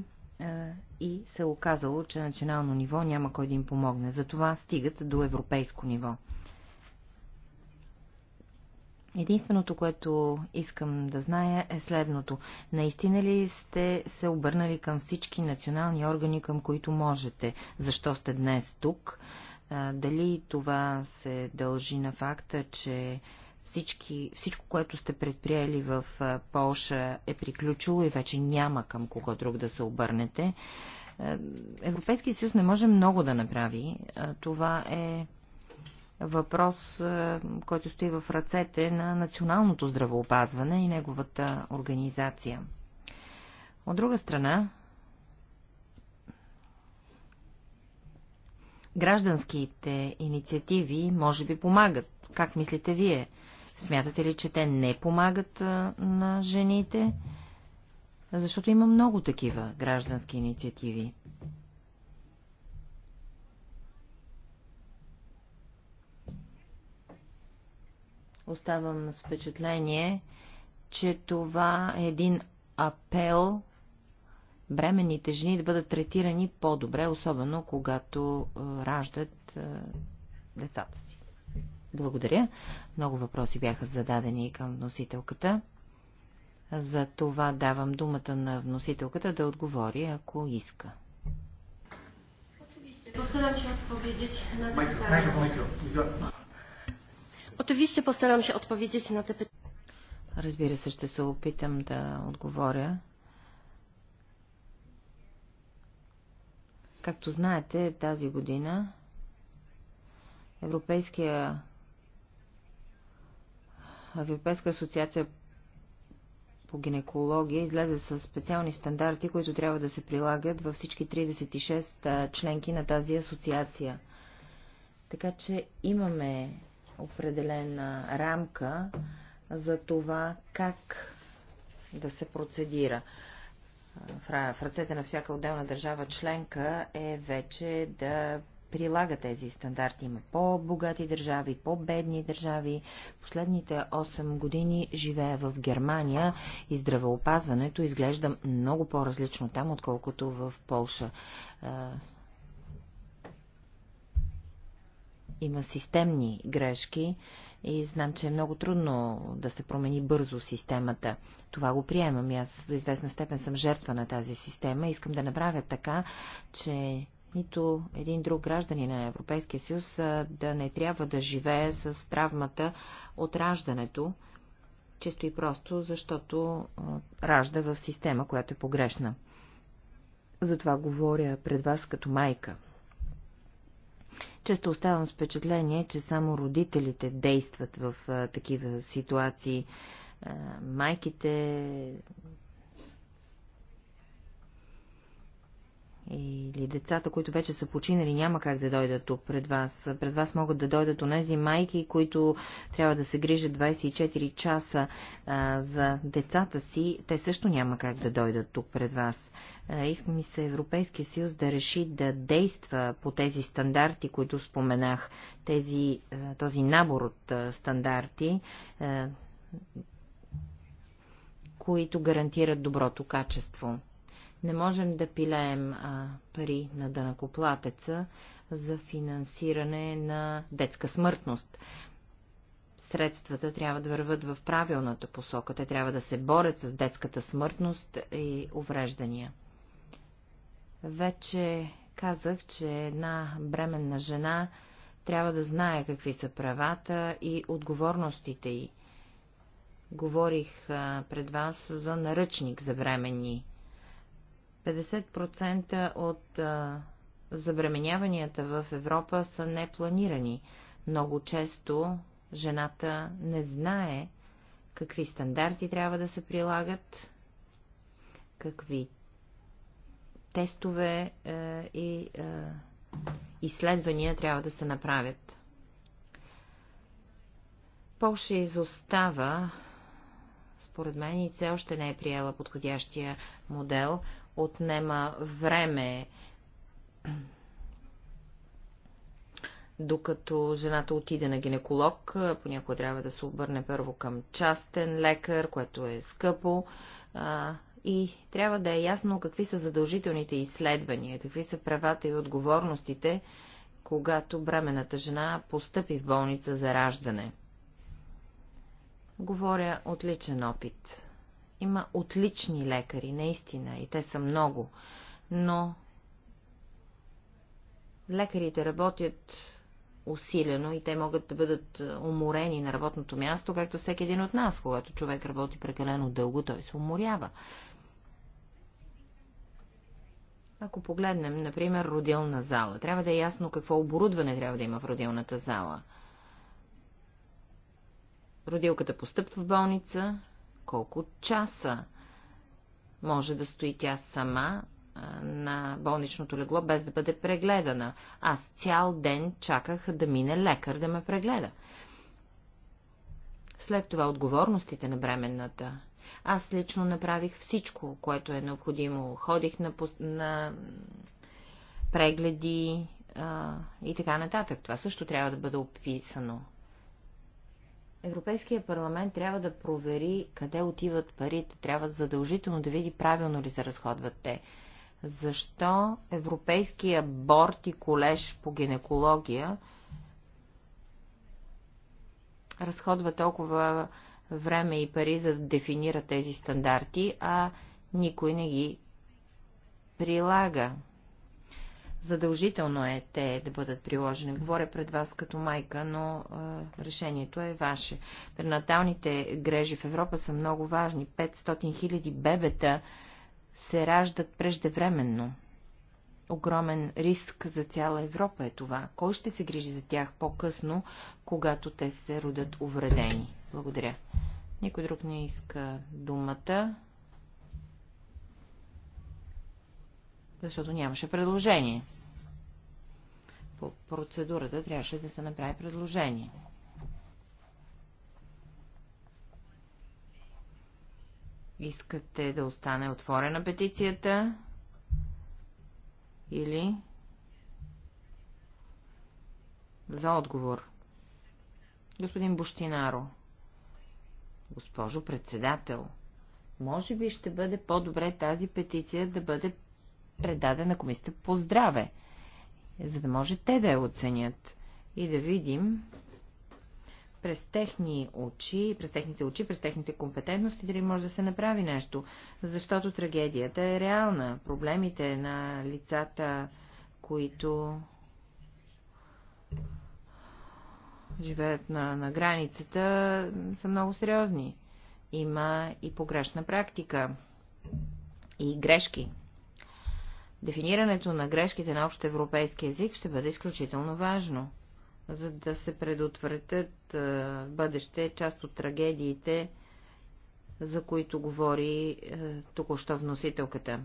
и се е оказало, че национално ниво няма кой да им помогне. Затова стигат до европейско ниво. Единственото, което искам да зная е следното. Наистина ли сте се обърнали към всички национални органи, към които можете? Защо сте днес тук? Дали това се дължи на факта, че всички, всичко, което сте предприели в Полша е приключило и вече няма към кого друг да се обърнете? Европейския съюз не може много да направи. Това е въпрос, е, който стои в ръцете на националното здравеопазване и неговата организация. От друга страна, гражданските инициативи може би помагат. Как мислите вие? Смятате ли, че те не помагат е, на жените? Защото има много такива граждански инициативи. оставам с впечатление, че това е един апел бременните жени да бъдат третирани по-добре, особено когато е, раждат е, децата си. Благодаря. Много въпроси бяха зададени и към вносителката. За това давам думата на вносителката да отговори, ако иска. Postaram się odpowiedzieć na te pytania. Oczywiście postaram się odpowiedzieć na te pytania. Разбира се, ще се опитам да отговоря. Както знаете, тази година Европейския Европейска асоциация по гинекология излезе с специални стандарти, които трябва да се прилагат във всички 36 членки на тази асоциация. Така че имаме определена рамка за това как да се процедира. В ръцете на всяка отделна държава членка е вече да прилага тези стандарти. Има по-богати държави, по-бедни държави. Последните 8 години живея в Германия и здравеопазването изглежда много по-различно там, отколкото в Полша. Има системни грешки и знам, че е много трудно да се промени бързо системата. Това го приемам и аз до известна степен съм жертва на тази система. Искам да направя така, че нито един друг гражданин на Европейския съюз да не трябва да живее с травмата от раждането, чисто и просто, защото ражда в система, която е погрешна. Затова говоря пред вас като майка. Често оставам с впечатление, че само родителите действат в такива ситуации. Майките или децата, които вече са починали, няма как да дойдат тук пред вас. Пред вас могат да дойдат онези майки, които трябва да се грижат 24 часа а, за децата си. Те също няма как да дойдат тук пред вас. А, искам и се Европейския съюз да реши да действа по тези стандарти, които споменах. Тези, а, този набор от а, стандарти. А, които гарантират доброто качество. Не можем да пилеем а, пари на дънакоплатеца за финансиране на детска смъртност. Средствата трябва да върват в правилната посока. Те трябва да се борят с детската смъртност и увреждания. Вече казах, че една бременна жена трябва да знае какви са правата и отговорностите й. Говорих пред вас за наръчник за бременни 50% от а, забременяванията в Европа са непланирани. Много често жената не знае какви стандарти трябва да се прилагат, какви тестове е, и е, изследвания трябва да се направят. Полша изостава, според мен, и все още не е приела подходящия модел отнема време, докато жената отиде на гинеколог. Понякога трябва да се обърне първо към частен лекар, което е скъпо. И трябва да е ясно какви са задължителните изследвания, какви са правата и отговорностите, когато бременната жена постъпи в болница за раждане. Говоря от личен опит. Има отлични лекари, наистина, и те са много, но лекарите работят усилено и те могат да бъдат е, уморени на работното място, както всеки един от нас. Когато човек работи прекалено дълго, той се уморява. Ако погледнем, например, родилна зала, трябва да е ясно какво оборудване трябва да има в родилната зала. Родилката постъпва в болница, колко часа може да стои тя сама на болничното легло, без да бъде прегледана. Аз цял ден чаках да мине лекар да ме прегледа. След това отговорностите на бременната. Аз лично направих всичко, което е необходимо. Ходих на, на прегледи а, и така нататък. Това също трябва да бъде описано. Европейския парламент трябва да провери къде отиват парите, трябва задължително да види правилно ли се разходват те. Защо Европейския борт и колеж по гинекология разходва толкова време и пари за да дефинира тези стандарти, а никой не ги прилага. Задължително е те да бъдат приложени. Говоря пред вас като майка, но а, решението е ваше. Пренаталните грежи в Европа са много важни. 500 хиляди бебета се раждат преждевременно. Огромен риск за цяла Европа е това. Кой ще се грижи за тях по-късно, когато те се родят увредени? Благодаря. Никой друг не иска думата, защото нямаше предложение по процедурата трябваше да се направи предложение. Искате да остане отворена петицията или за отговор? Господин Буштинаро. Госпожо председател, може би ще бъде по-добре тази петиция да бъде предадена на комисията по здраве за да може те да я оценят и да видим през техни очи, през техните очи, през техните компетентности, дали може да се направи нещо, защото трагедията е реална. Проблемите на лицата, които живеят на, на границата, са много сериозни. Има и погрешна практика, и грешки, Дефинирането на грешките на общ европейски език ще бъде изключително важно, за да се предотвратят в бъдеще част от трагедиите, за които говори току-що вносителката.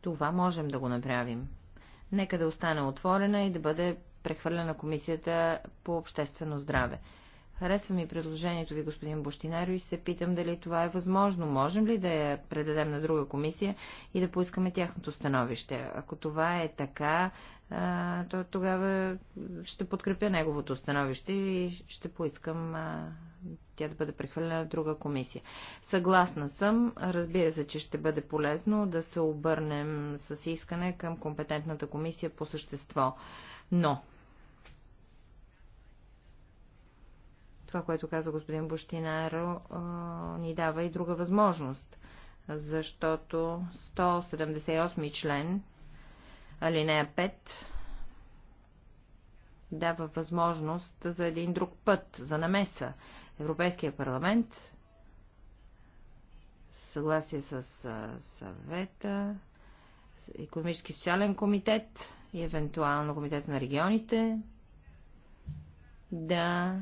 Това можем да го направим. Нека да остане отворена и да бъде прехвърлена комисията по обществено здраве. Харесва ми предложението ви, господин Бощинаро, и се питам дали това е възможно. Можем ли да я предадем на друга комисия и да поискаме тяхното становище? Ако това е така, то тогава ще подкрепя неговото становище и ще поискам тя да бъде прехвърлена на друга комисия. Съгласна съм. Разбира се, че ще бъде полезно да се обърнем с искане към компетентната комисия по същество. Но Това, което каза господин Бощинаро, ни дава и друга възможност, защото 178 член, алинея 5, дава възможност за един друг път, за намеса. Европейския парламент, съгласие с съвета, економически социален комитет и евентуално комитет на регионите, да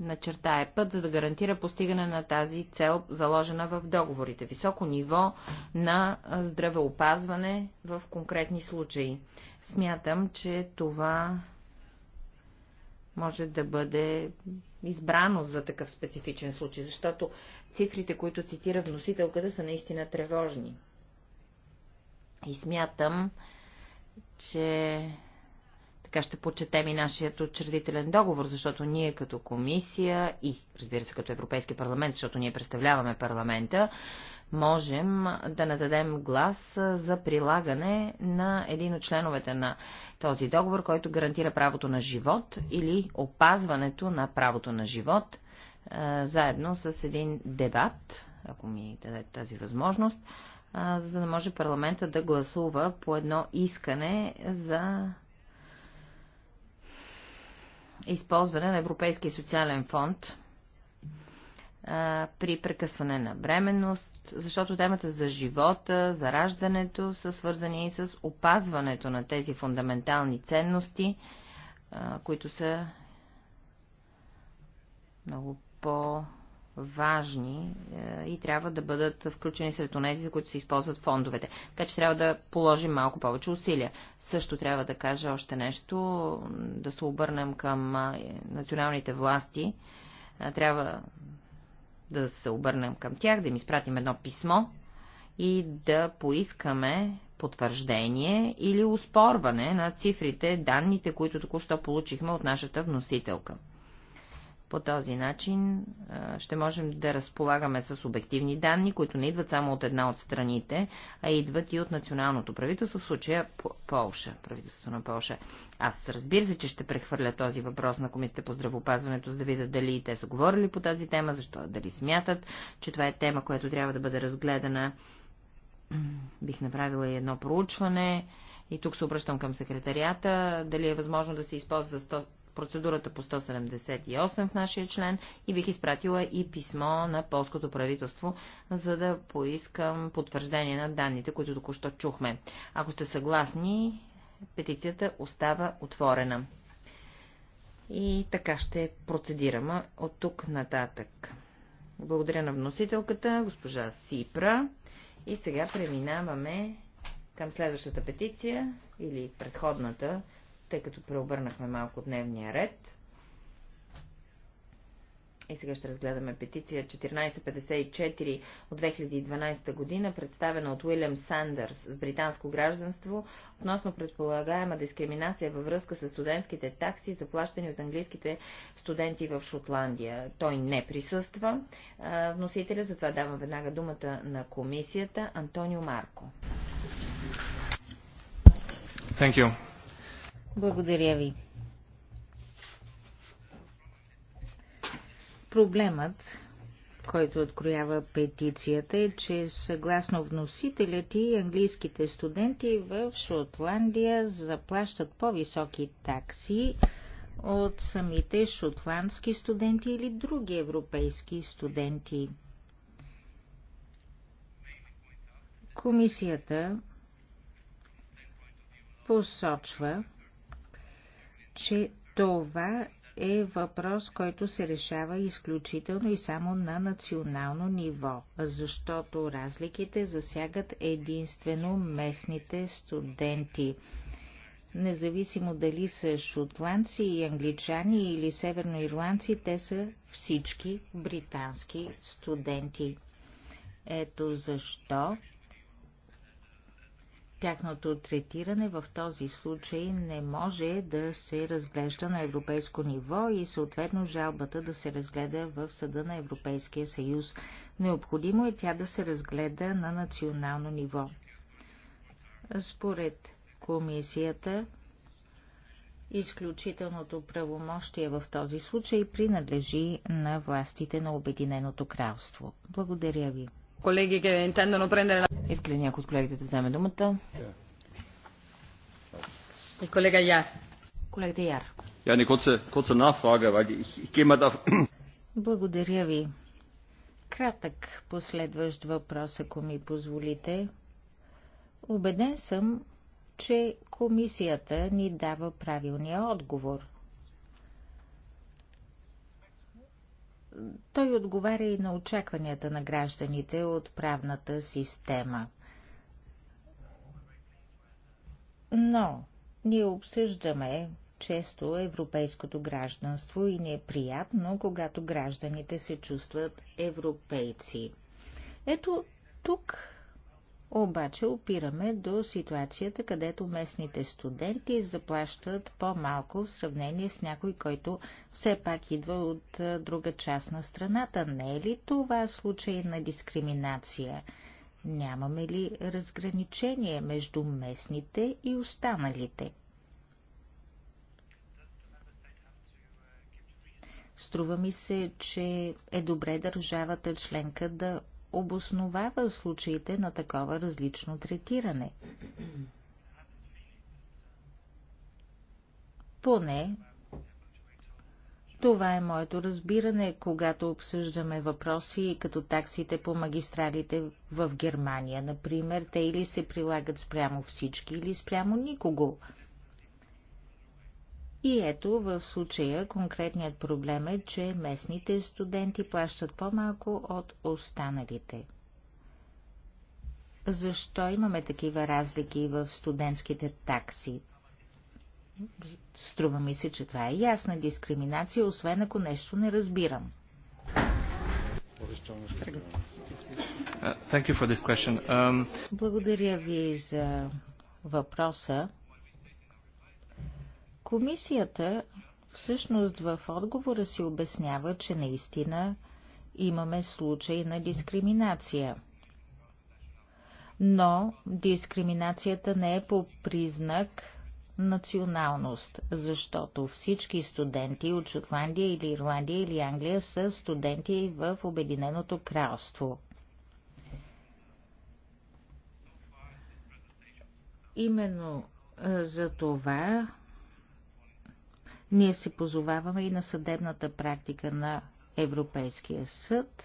начертае път, за да гарантира постигане на тази цел, заложена в договорите. Високо ниво на здравеопазване в конкретни случаи. Смятам, че това може да бъде избрано за такъв специфичен случай, защото цифрите, които цитира вносителката, са наистина тревожни. И смятам, че така ще почетем и нашият учредителен договор, защото ние като комисия и, разбира се, като Европейски парламент, защото ние представляваме парламента, можем да нададем глас за прилагане на един от членовете на този договор, който гарантира правото на живот или опазването на правото на живот, заедно с един дебат, ако ми даде тази възможност, за да може парламента да гласува по едно искане за използване на Европейския социален фонд а, при прекъсване на бременност, защото темата за живота, за раждането са свързани и с опазването на тези фундаментални ценности, а, които са много по- важни е, и трябва да бъдат включени сред тези, за които се използват фондовете. Така че трябва да положим малко повече усилия. Също трябва да кажа още нещо, да се обърнем към националните власти. Трябва да се обърнем към тях, да им изпратим едно писмо и да поискаме потвърждение или успорване на цифрите, данните, които току-що получихме от нашата вносителка. По този начин ще можем да разполагаме с обективни данни, които не идват само от една от страните, а идват и от националното правителство, в случая Полша, правителството на Полша. Аз разбира се, че ще прехвърля този въпрос на Комисията по здравопазването, за да видя дали те са говорили по тази тема, защо дали смятат, че това е тема, която трябва да бъде разгледана. [CLEARS THROAT] Бих направила и едно проучване. И тук се обръщам към секретарията, дали е възможно да се използва процедурата по 178 в нашия член и бих изпратила и писмо на полското правителство, за да поискам потвърждение на данните, които току-що чухме. Ако сте съгласни, петицията остава отворена. И така ще процедираме от тук нататък. Благодаря на вносителката, госпожа Сипра. И сега преминаваме към следващата петиция или предходната тъй като преобърнахме малко дневния ред. И сега ще разгледаме петиция 1454 от 2012 година, представена от Уилям Сандърс с британско гражданство, относно предполагаема дискриминация във връзка с студентските такси, заплащани от английските студенти в Шотландия. Той не присъства. Вносителя, затова давам веднага думата на комисията Антонио Марко. Thank you. Благодаря ви. Проблемът, който откроява петицията е, че съгласно вносителят и английските студенти в Шотландия заплащат по-високи такси от самите шотландски студенти или други европейски студенти. Комисията посочва, че това е въпрос, който се решава изключително и само на национално ниво, защото разликите засягат единствено местните студенти. Независимо дали са шотландци и англичани или северноирландци, те са всички британски студенти. Ето защо Тяхното третиране в този случай не може да се разглежда на европейско ниво и съответно жалбата да се разгледа в Съда на Европейския съюз. Необходимо е тя да се разгледа на национално ниво. Според комисията, изключителното правомощие в този случай принадлежи на властите на Обединеното кралство. Благодаря ви. Колеги, intendono prendere la... Иска ли някой от колегите да вземе думата? И колега Яр. Колегата Яр. Я не kurze, kurze Nachfrage, weil ich, ich Благодаря ви. Кратък последващ въпрос, ако ми позволите. Обеден съм, че комисията ни дава правилния отговор – той отговаря и на очакванията на гражданите от правната система. Но ние обсъждаме често европейското гражданство и не е приятно, когато гражданите се чувстват европейци. Ето тук обаче опираме до ситуацията, където местните студенти заплащат по-малко в сравнение с някой, който все пак идва от друга част на страната. Не е ли това случай на дискриминация? Нямаме ли разграничение между местните и останалите? Струва ми се, че е добре държавата членка да обосновава случаите на такова различно третиране. Поне това е моето разбиране, когато обсъждаме въпроси като таксите по магистралите в Германия, например, те или се прилагат спрямо всички, или спрямо никого. И ето в случая конкретният проблем е, че местните студенти плащат по-малко от останалите. Защо имаме такива разлики в студентските такси? Струва ми се, че това е ясна дискриминация, освен ако нещо не разбирам. Uh, um, Благодаря ви за въпроса. Комисията всъщност в отговора си обяснява, че наистина имаме случай на дискриминация. Но дискриминацията не е по признак националност, защото всички студенти от Шотландия или Ирландия или Англия са студенти в Обединеното кралство. Именно за това ние се позоваваме и на съдебната практика на Европейския съд,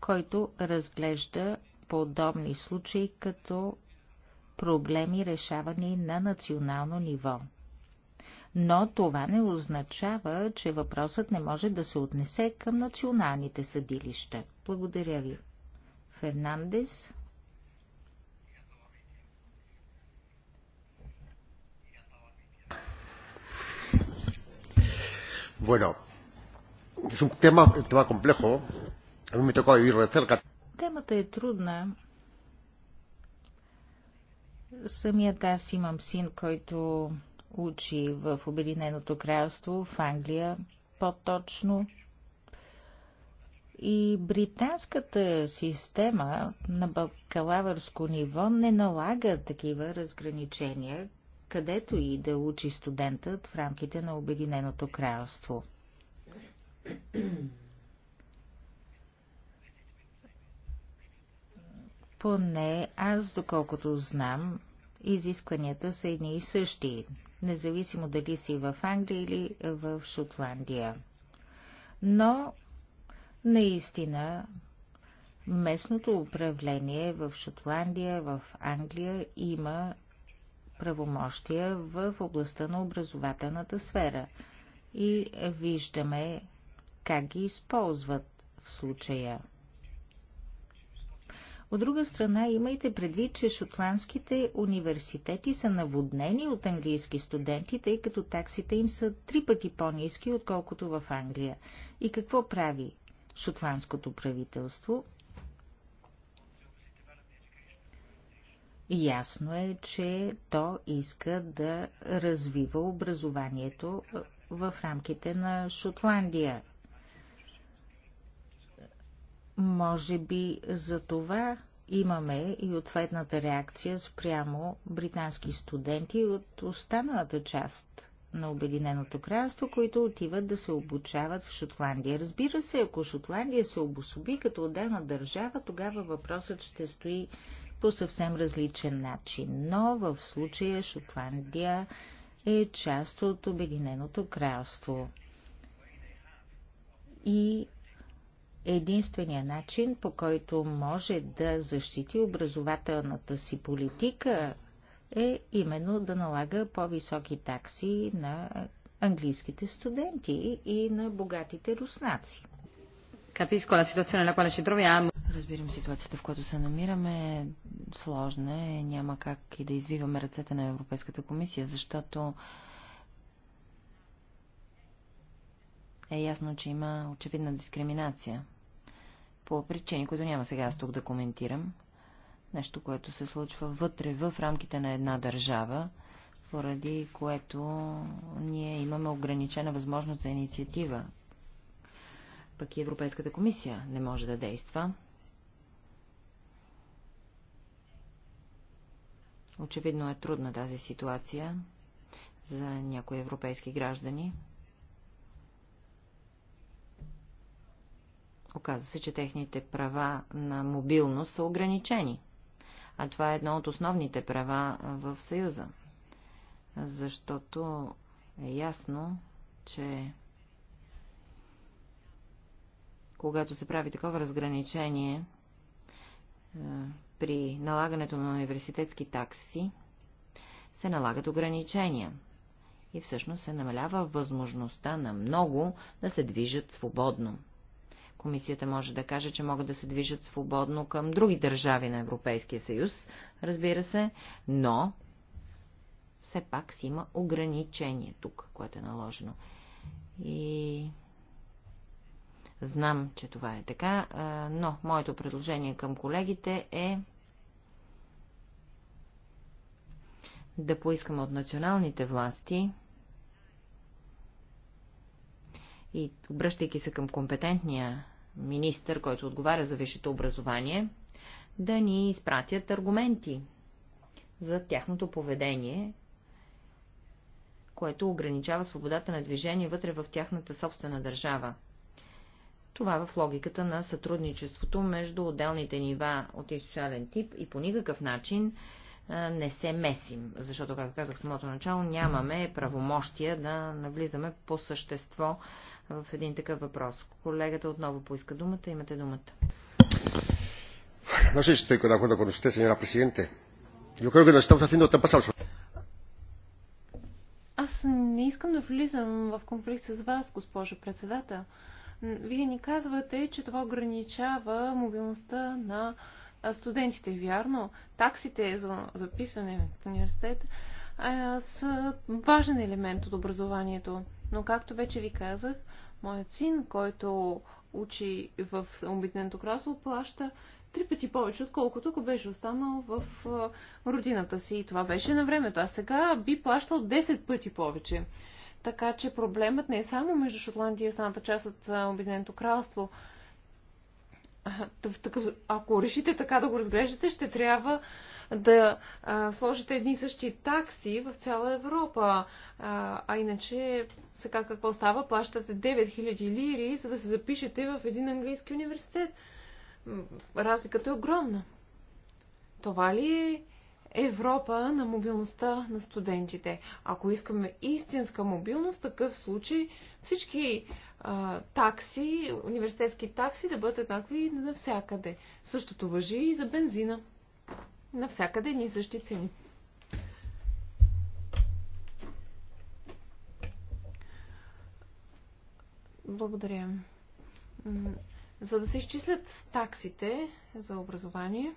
който разглежда подобни случаи като проблеми решавани на национално ниво. Но това не означава, че въпросът не може да се отнесе към националните съдилища. Благодаря ви. Фернандес Bueno, es un tema, un tema complejo. A mí me tocó vivir de cerca. Темата е трудна. Самият аз имам син, който учи в Обединеното кралство, в Англия по-точно. И британската система на бакалавърско ниво не налага такива разграничения, където и да учи студентът в рамките на Обединеното кралство. Поне аз, доколкото знам, изискванията са едни и същи, независимо дали си в Англия или в Шотландия. Но, наистина, местното управление в Шотландия, в Англия има правомощия в областта на образователната сфера и виждаме как ги използват в случая. От друга страна, имайте предвид, че шотландските университети са наводнени от английски студенти, тъй като таксите им са три пъти по-низки, отколкото в Англия. И какво прави шотландското правителство? Ясно е, че то иска да развива образованието е, в рамките на Шотландия. Може би за това имаме и ответната реакция спрямо британски студенти от останалата част на Обединеното кралство, които отиват да се обучават в Шотландия. Разбира се, ако Шотландия се обособи като отделна държава, тогава въпросът ще стои по съвсем различен начин, но в случая Шотландия е част от Обединеното кралство. И единствения начин, по който може да защити образователната си политика, е именно да налага по-високи такси на английските студенти и на богатите руснаци. Capisco la situazione nella quale ci troviamo Разбирам ситуацията, в която се намираме. Сложна е. Няма как и да извиваме ръцете на Европейската комисия, защото е ясно, че има очевидна дискриминация. По причини, които няма сега аз тук да коментирам. Нещо, което се случва вътре, в рамките на една държава, поради което ние имаме ограничена възможност за инициатива. Пък и Европейската комисия не може да действа, Очевидно е трудна тази ситуация за някои европейски граждани. Оказва се, че техните права на мобилност са ограничени. А това е едно от основните права в Съюза. Защото е ясно, че когато се прави такова разграничение, е, при налагането на университетски такси се налагат ограничения и всъщност се намалява възможността на много да се движат свободно. Комисията може да каже, че могат да се движат свободно към други държави на Европейския съюз, разбира се, но все пак си има ограничение тук, което е наложено. И знам, че това е така, но моето предложение към колегите е да поискаме от националните власти и обръщайки се към компетентния министър, който отговаря за висшето образование, да ни изпратят аргументи за тяхното поведение, което ограничава свободата на движение вътре в тяхната собствена държава. Това в логиката на сътрудничеството между отделните нива от институционален тип и по никакъв начин не се месим, защото, както казах в самото начало, нямаме правомощия да навлизаме по същество в един такъв въпрос. Колегата отново поиска думата. Имате думата. No sé si estoy de acuerdo con usted, señora Presidente. Yo creo que lo estamos haciendo Аз не искам да влизам в конфликт с вас, госпожо председател. Вие ни казвате, че това ограничава мобилността на студентите, вярно, таксите за записване в университета са важен елемент от образованието. Но както вече ви казах, моят син, който учи в Обединеното кралство, плаща три пъти повече, отколкото ако беше останал в родината си. И това беше на времето. А сега би плащал 10 пъти повече. Така че проблемът не е само между Шотландия и останата част от Обединеното кралство ако решите така да го разглеждате, ще трябва да а, сложите едни и същи такси в цяла Европа. А, а иначе, сега какво става? Плащате 9000 лири, за да се запишете в един английски университет. Разликата е огромна. Това ли е Европа на мобилността на студентите? Ако искаме истинска мобилност, такъв случай всички а, такси, университетски такси да бъдат еднакви навсякъде. Същото въжи и за бензина. Навсякъде едни и същи цени. Благодаря. За да се изчислят таксите за образование,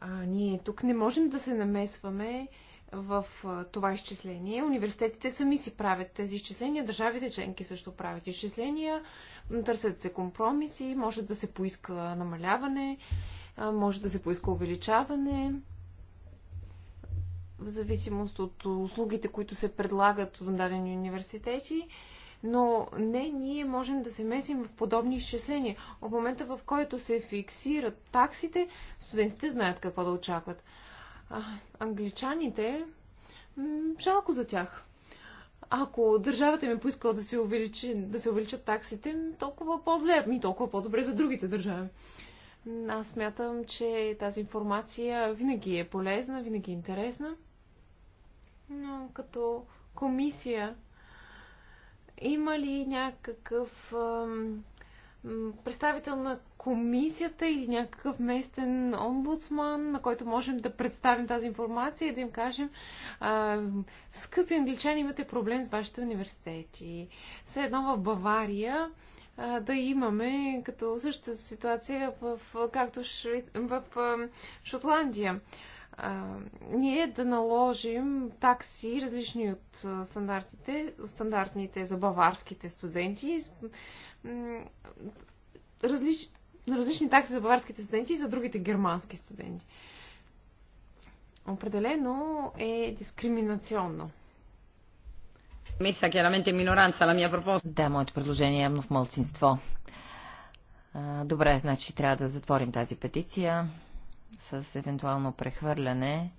а, ние тук не можем да се намесваме в това изчисление. Университетите сами си правят тези изчисления, държавите членки също правят изчисления, търсят се компромиси, може да се поиска намаляване, може да се поиска увеличаване, в зависимост от услугите, които се предлагат от дадени университети. Но не, ние можем да се месим в подобни изчисления. От момента, в който се фиксират таксите, студентите знаят какво да очакват а, англичаните, жалко за тях. Ако държавата ми е поискала да се, увеличи, да се увеличат таксите, толкова по-зле, ми толкова по-добре за другите държави. Аз смятам, че тази информация винаги е полезна, винаги е интересна. Но като комисия, има ли някакъв ам, представител на комисията или някакъв местен омбудсман, на който можем да представим тази информация и да им кажем а, скъпи англичани, имате проблем с вашите университети. Все едно в Бавария а, да имаме като същата ситуация в, както в, в, в Шотландия а, ние да наложим такси, различни от стандартите, стандартните за баварските студенти, различ, различни такси за баварските студенти и за другите германски студенти. Определено е дискриминационно. Мисля, е миноранца la mia пропозиция. Да, моето предложение е явно в мълцинство. Добре, значи трябва да затворим тази петиция с евентуално прехвърляне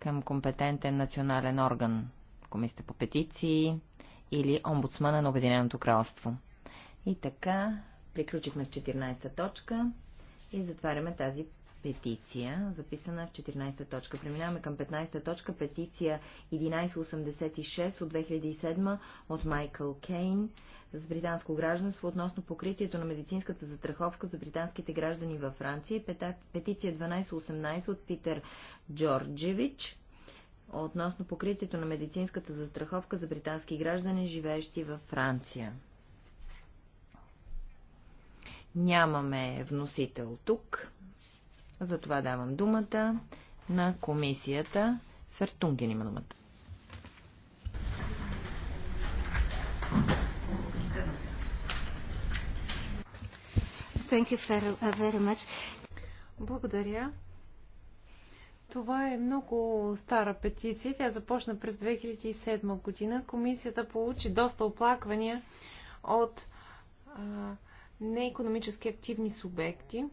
към компетентен национален орган, комисията по петиции или омбудсмана на Обединеното кралство. И така, приключихме с 14-та точка и затваряме тази петиция, записана в 14-та точка. Преминаваме към 15-та точка, петиция 1186 от 2007 от Майкъл Кейн с британско гражданство относно покритието на медицинската застраховка за британските граждани във Франция. Петиция 1218 от Питер Джорджевич относно покритието на медицинската застраховка за британски граждани, живеещи във Франция. Нямаме вносител тук. Затова давам думата на комисията. Фертунген има думата. Thank you uh, very much. Благодаря. Това е много стара петиция. Тя започна през 2007 година. Комисията получи доста оплаквания от а, неекономически активни субекти,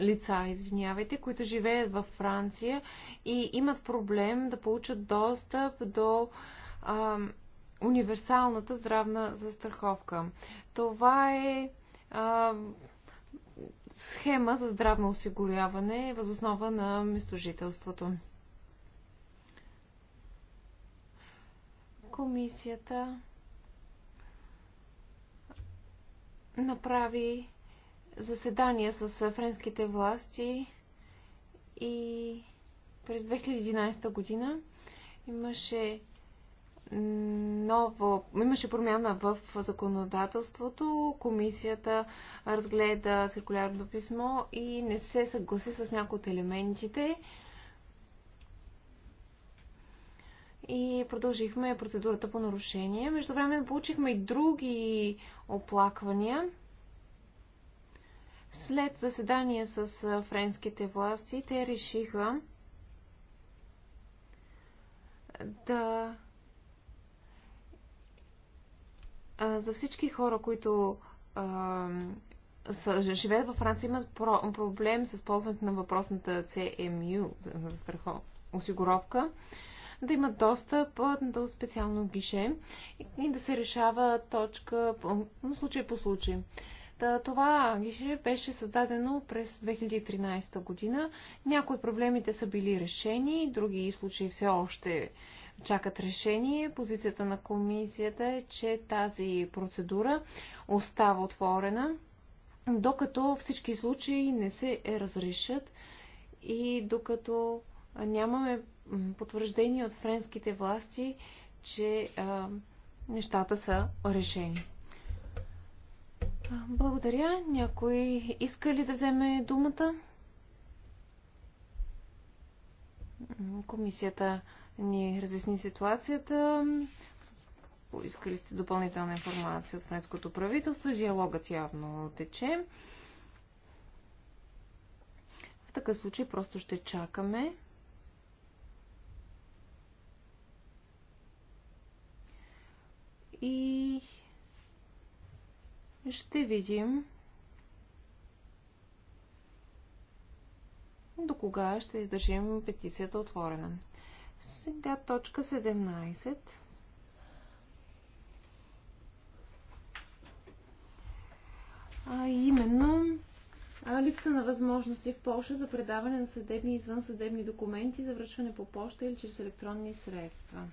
лица, извинявайте, които живеят във Франция и имат проблем да получат достъп до а, универсалната здравна застраховка. Това е а, схема за здравно осигуряване възоснова на местожителството. Комисията направи заседания с френските власти и през 2011 година имаше ново, имаше промяна в законодателството. Комисията разгледа циркулярното писмо и не се съгласи с някои от елементите. И продължихме процедурата по нарушение. Между време получихме и други оплаквания след заседание с френските власти, те решиха да за всички хора, които а, са, живеят във Франция, имат про- проблем с ползването на въпросната CMU, за страхо, осигуровка, да имат достъп до специално гише и да се решава точка, случай по случай това гише беше създадено през 2013 година. Някои проблемите са били решени, други случаи все още чакат решение. Позицията на комисията е, че тази процедура остава отворена, докато всички случаи не се разрешат и докато нямаме потвърждение от френските власти, че а, нещата са решени. Благодаря. Някой иска ли да вземе думата? Комисията ни разясни ситуацията. Поискали сте допълнителна информация от френското правителство. Диалогът явно тече. В такъв случай просто ще чакаме. И ще видим до кога ще държим петицията отворена. Сега точка 17. А именно а, липса на възможности в Польша за предаване на съдебни и извънсъдебни документи за връчване по почта или чрез електронни средства.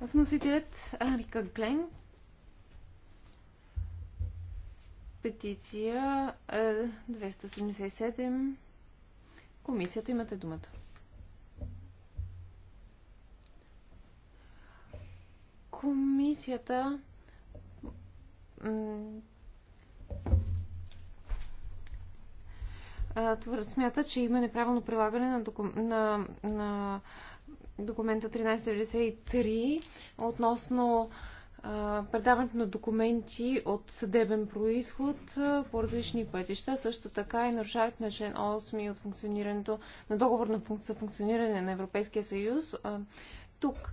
Вносителят Арика Глен. Петиция 277. Е, Комисията имате думата. Комисията твърд смята, че има неправилно прилагане на, докум... на, на документа 1393 относно предаването на документи от съдебен происход по различни пътища, също така и нарушаването на член 8 от функционирането на договор на функциониране на Европейския съюз. Тук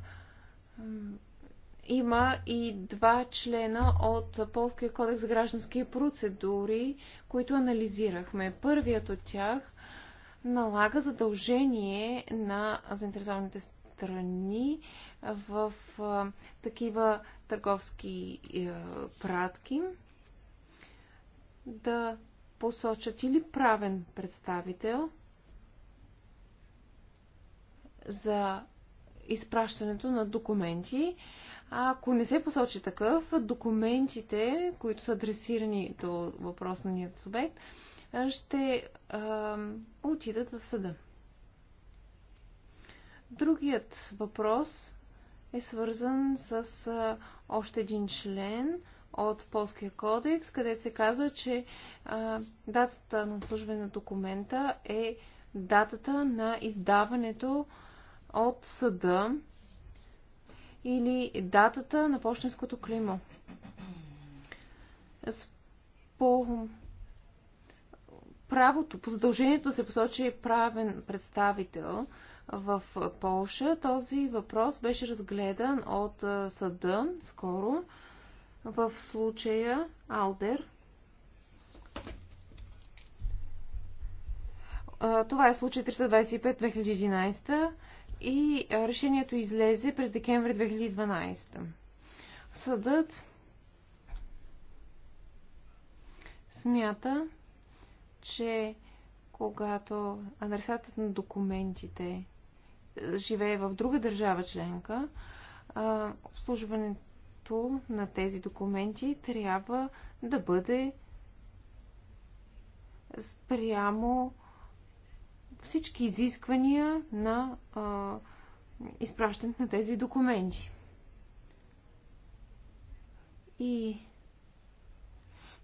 има и два члена от Полския кодекс за граждански процедури, които анализирахме. Първият от тях налага задължение на заинтересованите страни страни в такива търговски е, пратки да посочат или правен представител за изпращането на документи. А ако не се посочи такъв, документите, които са адресирани до въпросният субект, ще а, отидат в съда. Другият въпрос е свързан с а, още един член от Полския кодекс, където се казва, че а, датата на обслужване на документа е датата на издаването от съда или датата на почтенското климо. По правото, по задължението се посочи правен представител, в Полша. Този въпрос беше разгледан от съда скоро в случая Алдер. Това е случай 325-2011 и решението излезе през декември 2012. Съдът смята, че когато адресатът на документите живее в друга държава членка, обслужването на тези документи трябва да бъде спрямо всички изисквания на изпращането на тези документи. И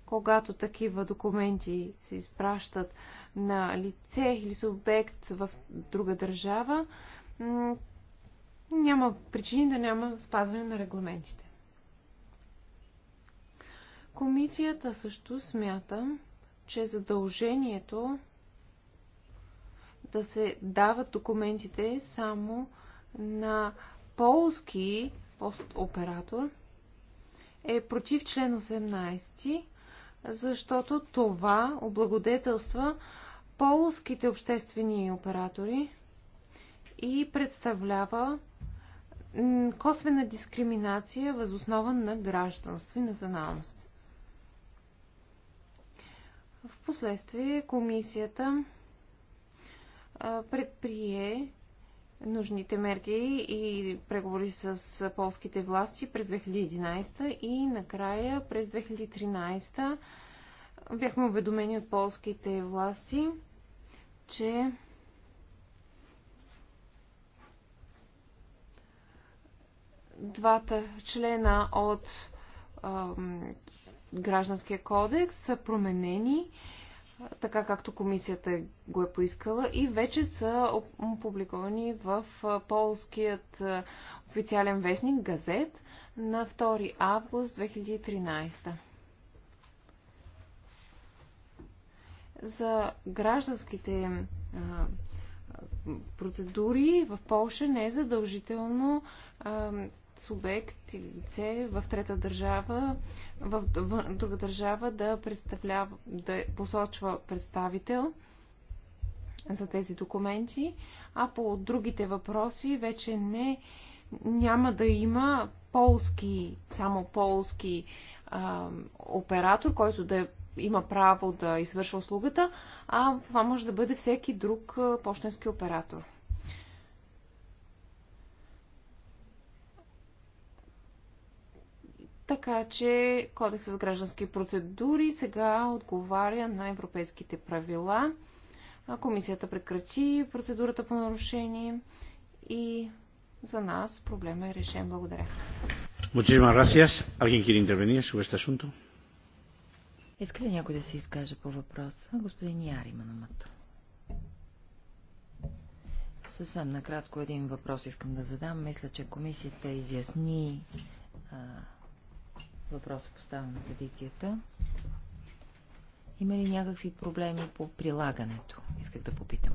когато такива документи се изпращат на лице или субект в друга държава, няма причини да няма спазване на регламентите. Комисията също смята, че задължението да се дават документите само на полски оператор е против член 18, защото това облагодетелства полските обществени оператори, и представлява косвена дискриминация възоснован на гражданство и националност. В последствие комисията предприе нужните мерки и преговори с полските власти през 2011 и накрая през 2013 бяхме уведомени от полските власти, че двата члена от ам, гражданския кодекс са променени така както комисията го е поискала и вече са опубликовани в полският официален вестник Газет на 2 август 2013. За гражданските процедури в Польша не е задължително субект и лице в трета държава, в друга държава да представлява, да посочва представител за тези документи, а по другите въпроси вече не няма да има полски, само полски а, оператор, който да има право да извършва услугата, а това може да бъде всеки друг почтенски оператор. Така че Кодексът за граждански процедури сега отговаря на европейските правила. Комисията прекрати процедурата по нарушение и за нас проблема е решен. Благодаря. Muchísimas gracias. ¿Alguien quiere intervenir sobre este asunto? Иска ли някой да се изкаже по въпроса? Господин Яр има намата. Съвсем накратко един въпрос искам да задам. Мисля, че комисията изясни а, въпроса поставен на традицията. Има ли някакви проблеми по прилагането? Исках да попитам.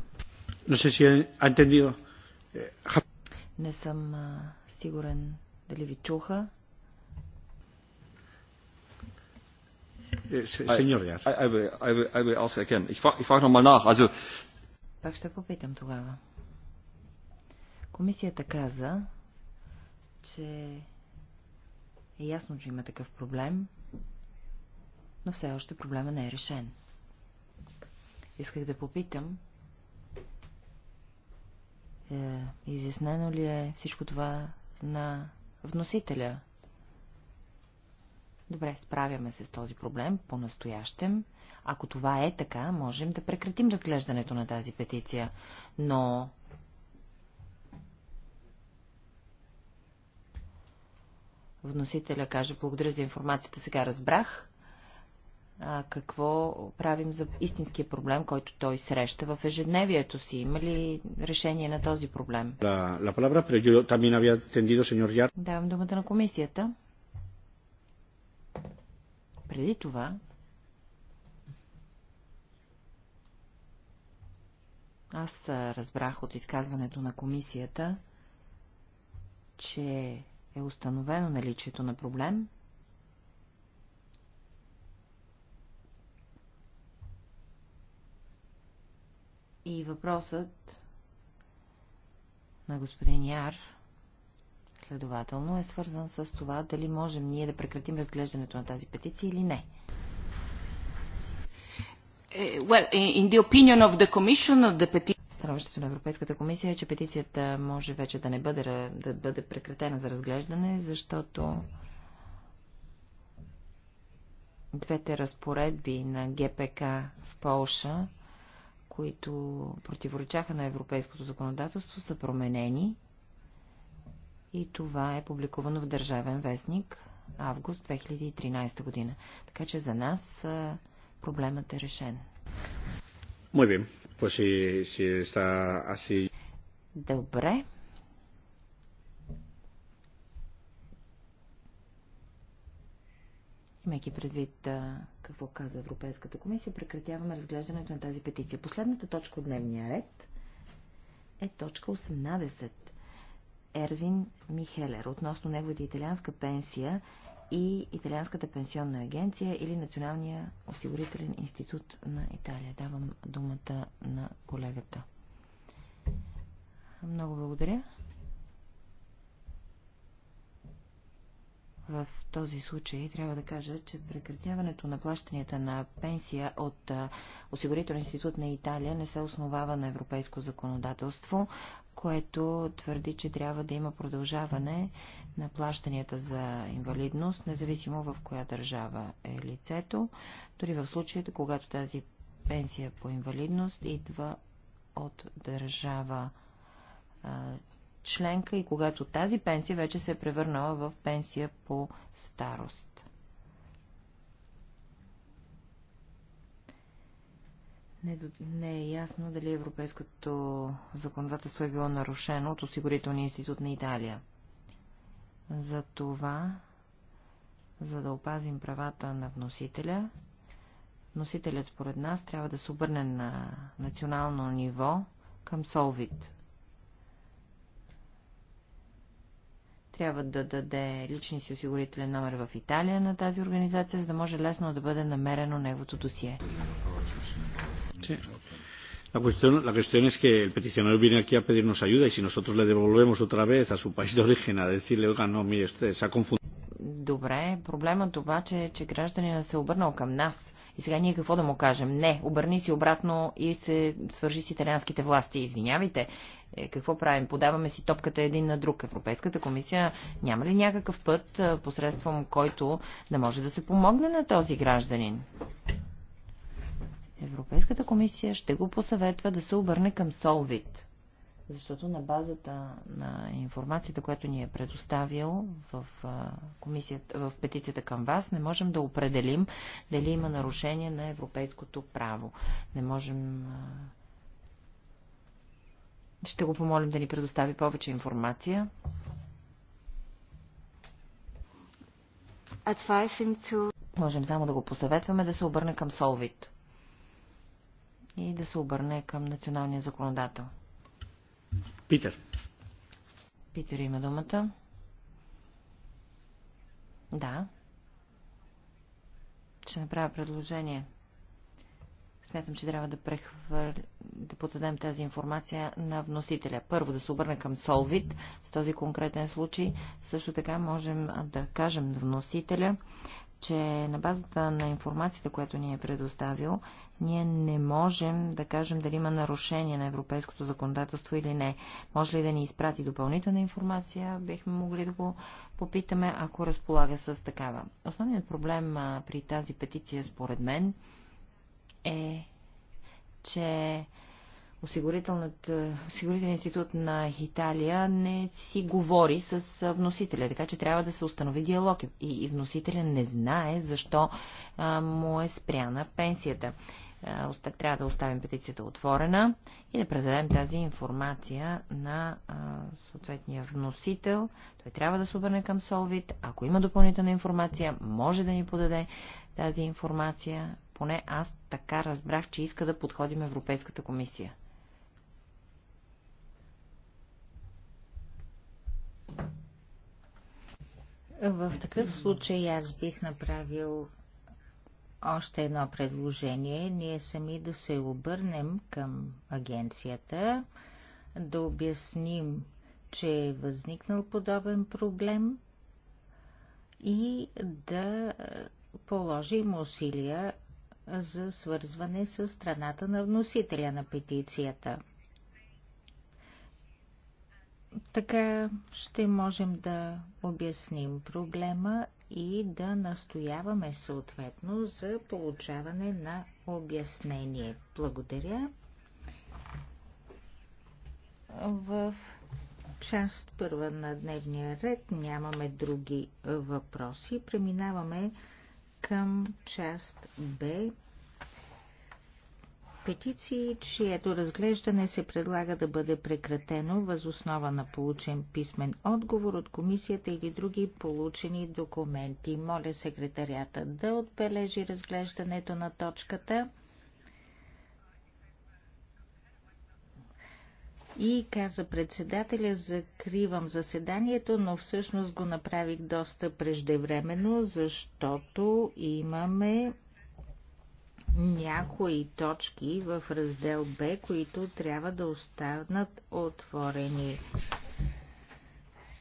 Не съм сигурен дали ви чуха. Пак ще попитам тогава. Комисията каза, че е ясно, че има такъв проблем, но все още проблема не е решен. Исках да попитам, е, изяснено ли е всичко това на вносителя? Добре, справяме се с този проблем по-настоящем. Ако това е така, можем да прекратим разглеждането на тази петиция, но вносителя каже благодаря за информацията, сега разбрах, а какво правим за истинския проблем, който той среща в ежедневието си? Има ли решение на този проблем? La, la palabra, pero yo también había tendido, señor Yar. Давам думата на комисията. Преди това... Аз разбрах от изказването на комисията, че е установено наличието на проблем, и въпросът на господин Яр следователно е свързан с това, дали можем ние да прекратим разглеждането на тази петиция или не. Е, well, in the opinion of the Commission the petition... Становището на Европейската комисия е, че петицията може вече да не бъде, да бъде прекратена за разглеждане, защото двете разпоредби на ГПК в Полша, които противоречаха на европейското законодателство, са променени и това е публикувано в Държавен вестник август 2013 година. Така че за нас проблемът е решен. Muy bien pues si, si está así. Добре. Имайки предвид какво каза Европейската комисия, прекратяваме разглеждането на тази петиция. Последната точка от дневния ред е точка 18. Ервин Михелер относно неговата италианска пенсия и Италианската пенсионна агенция или Националния осигурителен институт на Италия. Давам думата на колегата. Много благодаря. В този случай трябва да кажа, че прекратяването на плащанията на пенсия от Осигурителен институт на Италия не се основава на европейско законодателство, което твърди, че трябва да има продължаване на плащанията за инвалидност, независимо в коя държава е лицето, дори в случаите, когато тази пенсия по инвалидност идва от държава членка и когато тази пенсия вече се е превърнала в пенсия по старост. Не, не е ясно дали европейското законодателство е било нарушено от Осигурителния институт на Италия. За това, за да опазим правата на вносителя, вносителят според нас трябва да се обърне на национално ниво към Солвит. трябва да даде личния си осигурителен номер в Италия на тази организация, за да може лесно да бъде намерено неговото досие. La cuestión, la cuestión es que el peticionario viene aquí a pedirnos ayuda y si nosotros le devolvemos otra vez a su país de origen a decirle, oiga, no, mire, usted se ha confundido. Добре, проблемът обаче е, че гражданина се е обърнал към нас и сега ние какво да му кажем? Не, обърни си обратно и се свържи с италианските власти. Извинявайте, е, какво правим? Подаваме си топката един на друг. Европейската комисия няма ли някакъв път, е, посредством който да може да се помогне на този гражданин? Европейската комисия ще го посъветва да се обърне към Солвит. Защото на базата на информацията, която ни е предоставил в, в петицията към вас, не можем да определим дали има нарушение на европейското право. Не можем ще го помолим да ни предостави повече информация. To... Можем само да го посъветваме да се обърне към Солвит и да се обърне към националния законодател. Питер. Питер има думата. Да. Ще направя предложение. Смятам, че трябва да, прехвър... да подадем тази информация на вносителя. Първо да се обърне към Солвит с този конкретен случай. Също така можем да кажем на вносителя, че на базата на информацията, която ни е предоставил, ние не можем да кажем дали има нарушение на европейското законодателство или не. Може ли да ни изпрати допълнителна информация, бихме могли да го попитаме, ако разполага с такава. Основният проблем при тази петиция, според мен, е, че Осигурителният институт на Италия не си говори с вносителя, така че трябва да се установи диалог и, и вносителя не знае защо а, му е спряна пенсията. А, трябва да оставим петицията отворена и да предадем тази информация на а, съответния вносител. Той трябва да се обърне към Солвит. Ако има допълнителна информация, може да ни подаде тази информация. Поне аз така разбрах, че иска да подходим Европейската комисия. В такъв случай аз бих направил още едно предложение. Ние сами да се обърнем към агенцията, да обясним, че е възникнал подобен проблем и да положим усилия за свързване с страната на вносителя на петицията. Така ще можем да обясним проблема и да настояваме съответно за получаване на обяснение. Благодаря. В част първа на дневния ред нямаме други въпроси. Преминаваме към част Б петиции, чието разглеждане се предлага да бъде прекратено възоснова на получен писмен отговор от комисията или други получени документи. Моля секретарята да отбележи разглеждането на точката. И каза председателя, закривам заседанието, но всъщност го направих доста преждевременно, защото имаме някои точки в раздел Б, които трябва да останат отворени.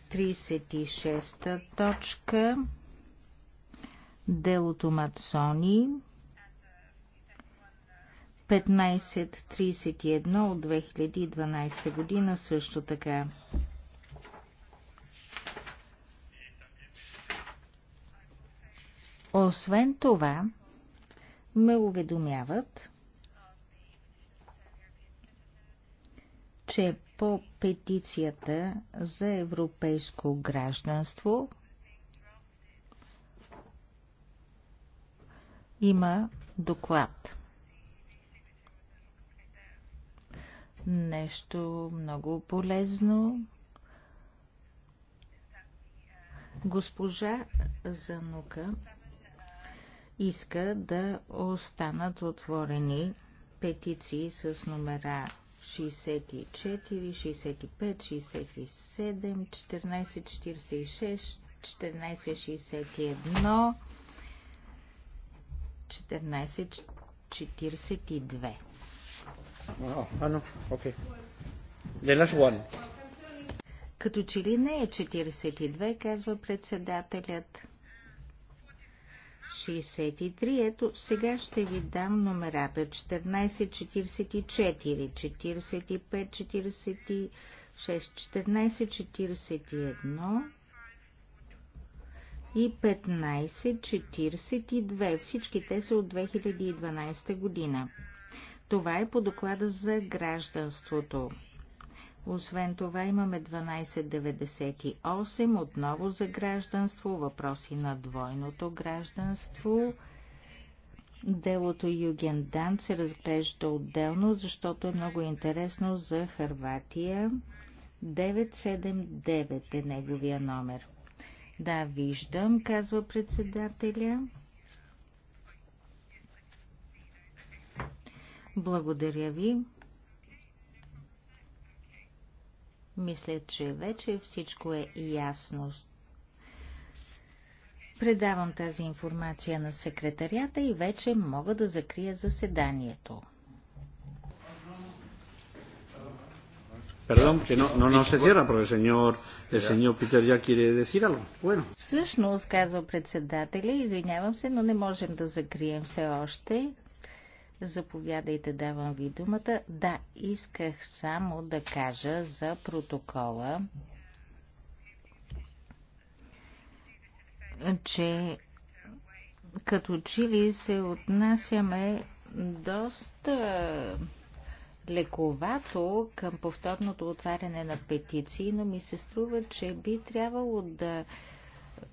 36-та точка делото Мацони 1531 от 2012 година също така. Освен това, ме уведомяват, че по петицията за европейско гражданство има доклад. Нещо много полезно. Госпожа Занука иска да останат отворени петиции с номера 64, 65, 67, 14, 46, 14, 61, 14 no. okay. Като че ли не е 42, казва председателят. 63. Ето, сега ще ви дам номерата. 1444, 45, 46, 1441 и 1542. Всички те са от 2012 година. Това е по доклада за гражданството. Освен това имаме 1298, отново за гражданство, въпроси на двойното гражданство. Делото Юген Дан се разглежда отделно, защото е много интересно за Харватия. 979 е неговия номер. Да, виждам, казва председателя. Благодаря ви. Мисля, че вече всичко е ясно. Предавам тази информация на секретарята и вече мога да закрия заседанието. Perdón, que no, no, no se cierra porque el señor, el señor Peter ya quiere decir algo. Bueno. Всъщност, казва председателя, извинявам се, но не можем да закрием все още. Заповядайте, давам ви думата. Да, исках само да кажа за протокола, че като чили се отнасяме доста лековато към повторното отваряне на петиции, но ми се струва, че би трябвало да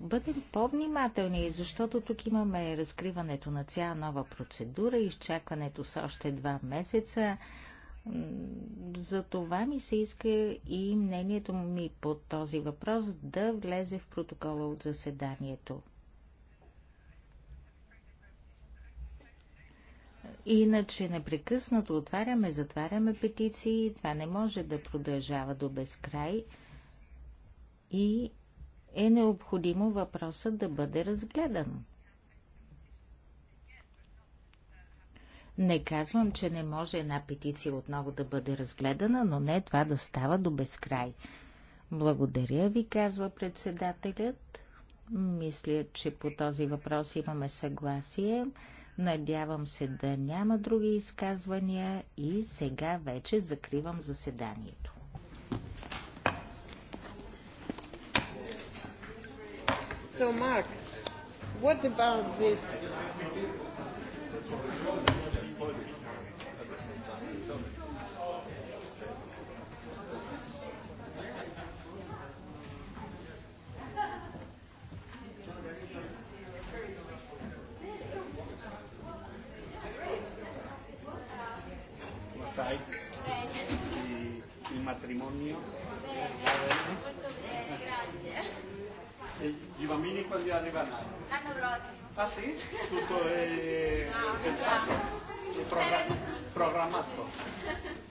бъдем по-внимателни, защото тук имаме разкриването на цяла нова процедура, изчакването с още два месеца. За това ми се иска и мнението ми по този въпрос да влезе в протокола от заседанието. Иначе непрекъснато отваряме, затваряме петиции, това не може да продължава до безкрай и е необходимо въпросът да бъде разгледан. Не казвам, че не може една петиция отново да бъде разгледана, но не това да става до безкрай. Благодаря ви, казва председателят. Мисля, че по този въпрос имаме съгласие. Надявам се да няма други изказвания и сега вече закривам заседанието. So, Mark, what about this? matrimonio I bambini quando arrivano? L'anno prossimo. Ah sì? Tutto è pensato, programmato.